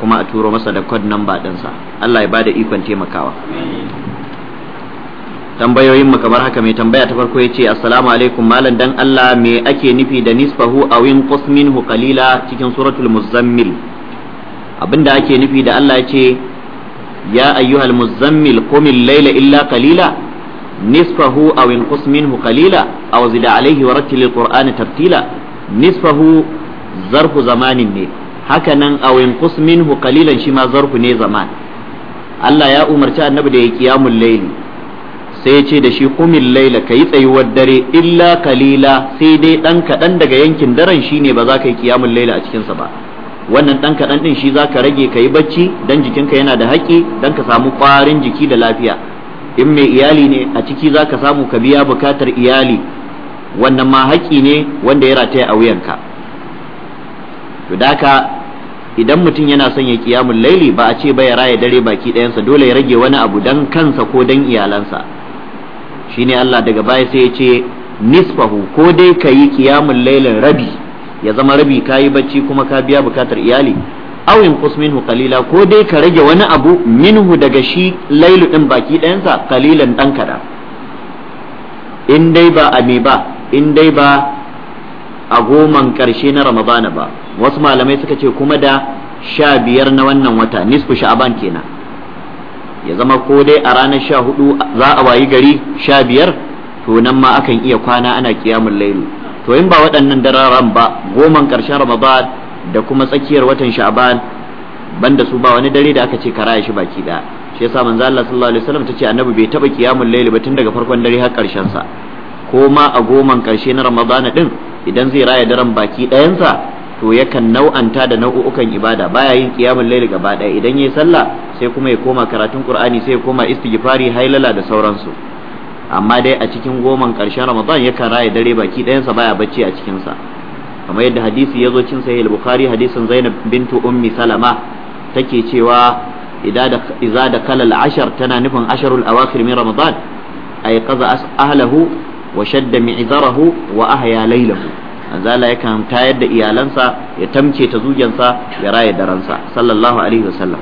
kuma a turo masa da code namba ɗinsa Allah ya bada ikon taimakawa tambayoyin mu kamar haka mai tambaya ta farko ya ce assalamu alaikum malam dan Allah me ake nufi da nisfahu aw inqus minhu qalila cikin suratul muzammil abinda ake nufi da Allah ya ce ya ayyuhal muzammil qumil layla illa qalila نصفه أو انقص منه قليلا أو alayhi wa ورتل القرآن Tartila, نصفه zarfu zamanin ne haka nan a winkus minhu kalilan shi ma zarfu ne zaman Allah ya umarci annabi da ya qiyamul Layli. sai ya ce da shi qumil layla kayi tsayuwar dare illa Kalila sai dai dan kaɗan daga yankin daren shine ba za ka yi qiyamul layla a cikin ba wannan dan kaɗan ɗin shi za ka rage kayi bacci dan jikinka yana da haƙi dan ka samu ƙwarin jiki da lafiya in mai iyali ne a ciki za ka samu ka biya bukatar iyali wannan ma haƙƙi ne wanda ya rataya a wuyanka to daka idan mutum yana son ya kiyamun laili ba a ce ba ya raya dare baki ɗayansa dole ya rage wani abu don kansa ko don iyalansa shine Allah daga baya sai ya ce nisfahu ko dai ka yi kiyamun lailin rabi ya zama rabi ka yi bacci kuma ka biya bukatar iyali aw yanqus minhu qalila ko dai ka rage wani abu minhu daga shi lailu ɗin baki ɗayansa qalilan dan kada in dai ba a me ba in dai ba a goman ƙarshe na ramadana ba wasu malamai suka ce kuma da sha biyar na wannan wata nisfu sha'aban kenan ya zama ko dai a ranar sha hudu za a wayi gari sha biyar to nan ma akan iya kwana ana kiyamun lailu to in ba waɗannan dararan ba goman ƙarshen ramadan da kuma tsakiyar watan sha'aban banda su ba wani dare da aka ce raya shi baki ɗaya shi yasa manzo Allah sallallahu alaihi wasallam tace annabi bai taba kiyamun lailu ba tun daga farkon dare har karshen sa ko ma a goman karshe na ramadana din idan zai raya daren baki ɗayansa to yakan nau'anta da nau'ukan ibada baya yin kiyamul layl gaba ɗaya idan yayi sallah sai kuma ya koma karatun qur'ani sai ya koma istighfari hailala da sauransu amma dai a cikin goman ƙarshen ramadan yakan raya dare baki ɗayansa baya bacci a cikin sa kamar yadda hadisi ya zo cin sahih al-bukhari hadisin zainab bintu ummi salama take cewa idza da kala al-ashar tana nufin asharul awakhir min ramadan ay qaza ahlahu wa shadda mi'zarahu wa ahya laylahu anzala yakan tayar da iyalansa ya tamce ta zujansa ya raya daransa sallallahu alaihi wa sallam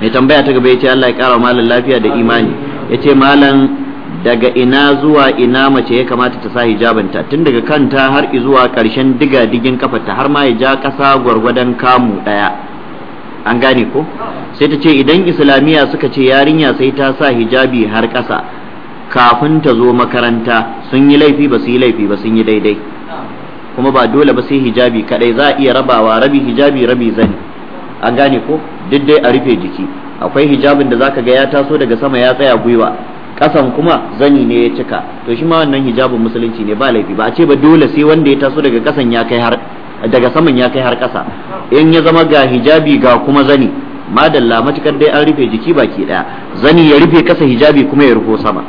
mai tambaya ta gaba yace Allah ya kara malan lafiya da imani yace malan daga ina zuwa ina mace ya kamata ta sa hijabanta tun daga kanta har zuwa karshen diga digin kafarta har ma ya ja kasa gwargwadon kamu daya an gane ko sai ta ce idan islamiyya suka ce yarinya sai ta sa hijabi har kasa kafin ta zo makaranta sun yi laifi ba su yi laifi ba sun yi daidai kuma ba dole ba sai hijabi kadai za a iya rabawa rabi hijabi rabi zani an gane ko duk dai a rufe jiki akwai hijabin da zaka ga ya taso daga sama ya tsaya gwiwa kasan kuma zani ne ya cika to shi ma wannan hijabin musulunci ne ba laifi ba a ce ba dole sai wanda ya taso daga kasan ya kai har daga saman ya kai har kasa in ya zama ga hijabi ga kuma zani madalla matukar dai an rufe jiki baki daya zani ya rufe kasa hijabi kuma ya rufo sama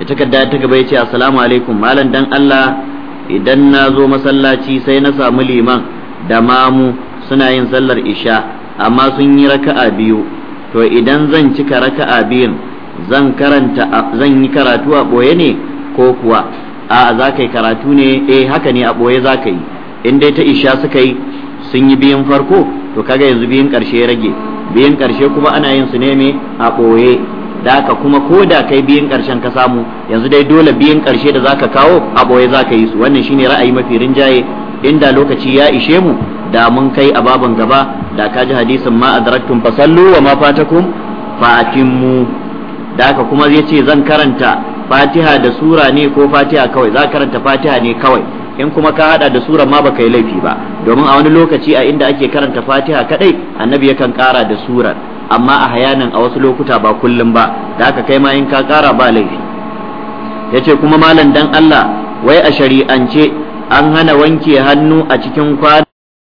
da takarda ta gaba ya ce assalamu alaikum malam dan Allah idan na zo masallaci sai na samu liman da mamu suna yin sallar isha amma sun yi raka'a biyu to idan zan cika raka'a biyun zan karanta zan yi karatu a boye ne ko kuwa a za ka yi karatu ne eh haka ne a boye za ka yi in dai ta isha suka yi sun yi biyun farko to kaga yanzu biyun karshe rage biyun karshe kuma ana yin su ne a boye da haka kuma ko da kai biyun karshen ka samu yanzu dai dole biyun karshe da zaka kawo a boye zaka yi su wannan shine ra'ayi mafi rinjaye inda lokaci ya ishe mu da mun kai a baban gaba da ka ji hadisin ma adraktum fasallu wa ma fatakum mu. da haka kuma zai ce zan karanta fatiha da sura ne ko fatiha kawai za karanta fatiha ne kawai in kuma ka hada da sura ma baka yi laifi ba domin a wani lokaci a inda ake karanta fatiha kadai annabi yakan kara da sura. amma a hayanan a wasu lokuta ba kullum ba da aka kai ma in ka kara ba laifi yace kuma malam dan Allah wai a shari'ance an hana wanke hannu a cikin kwana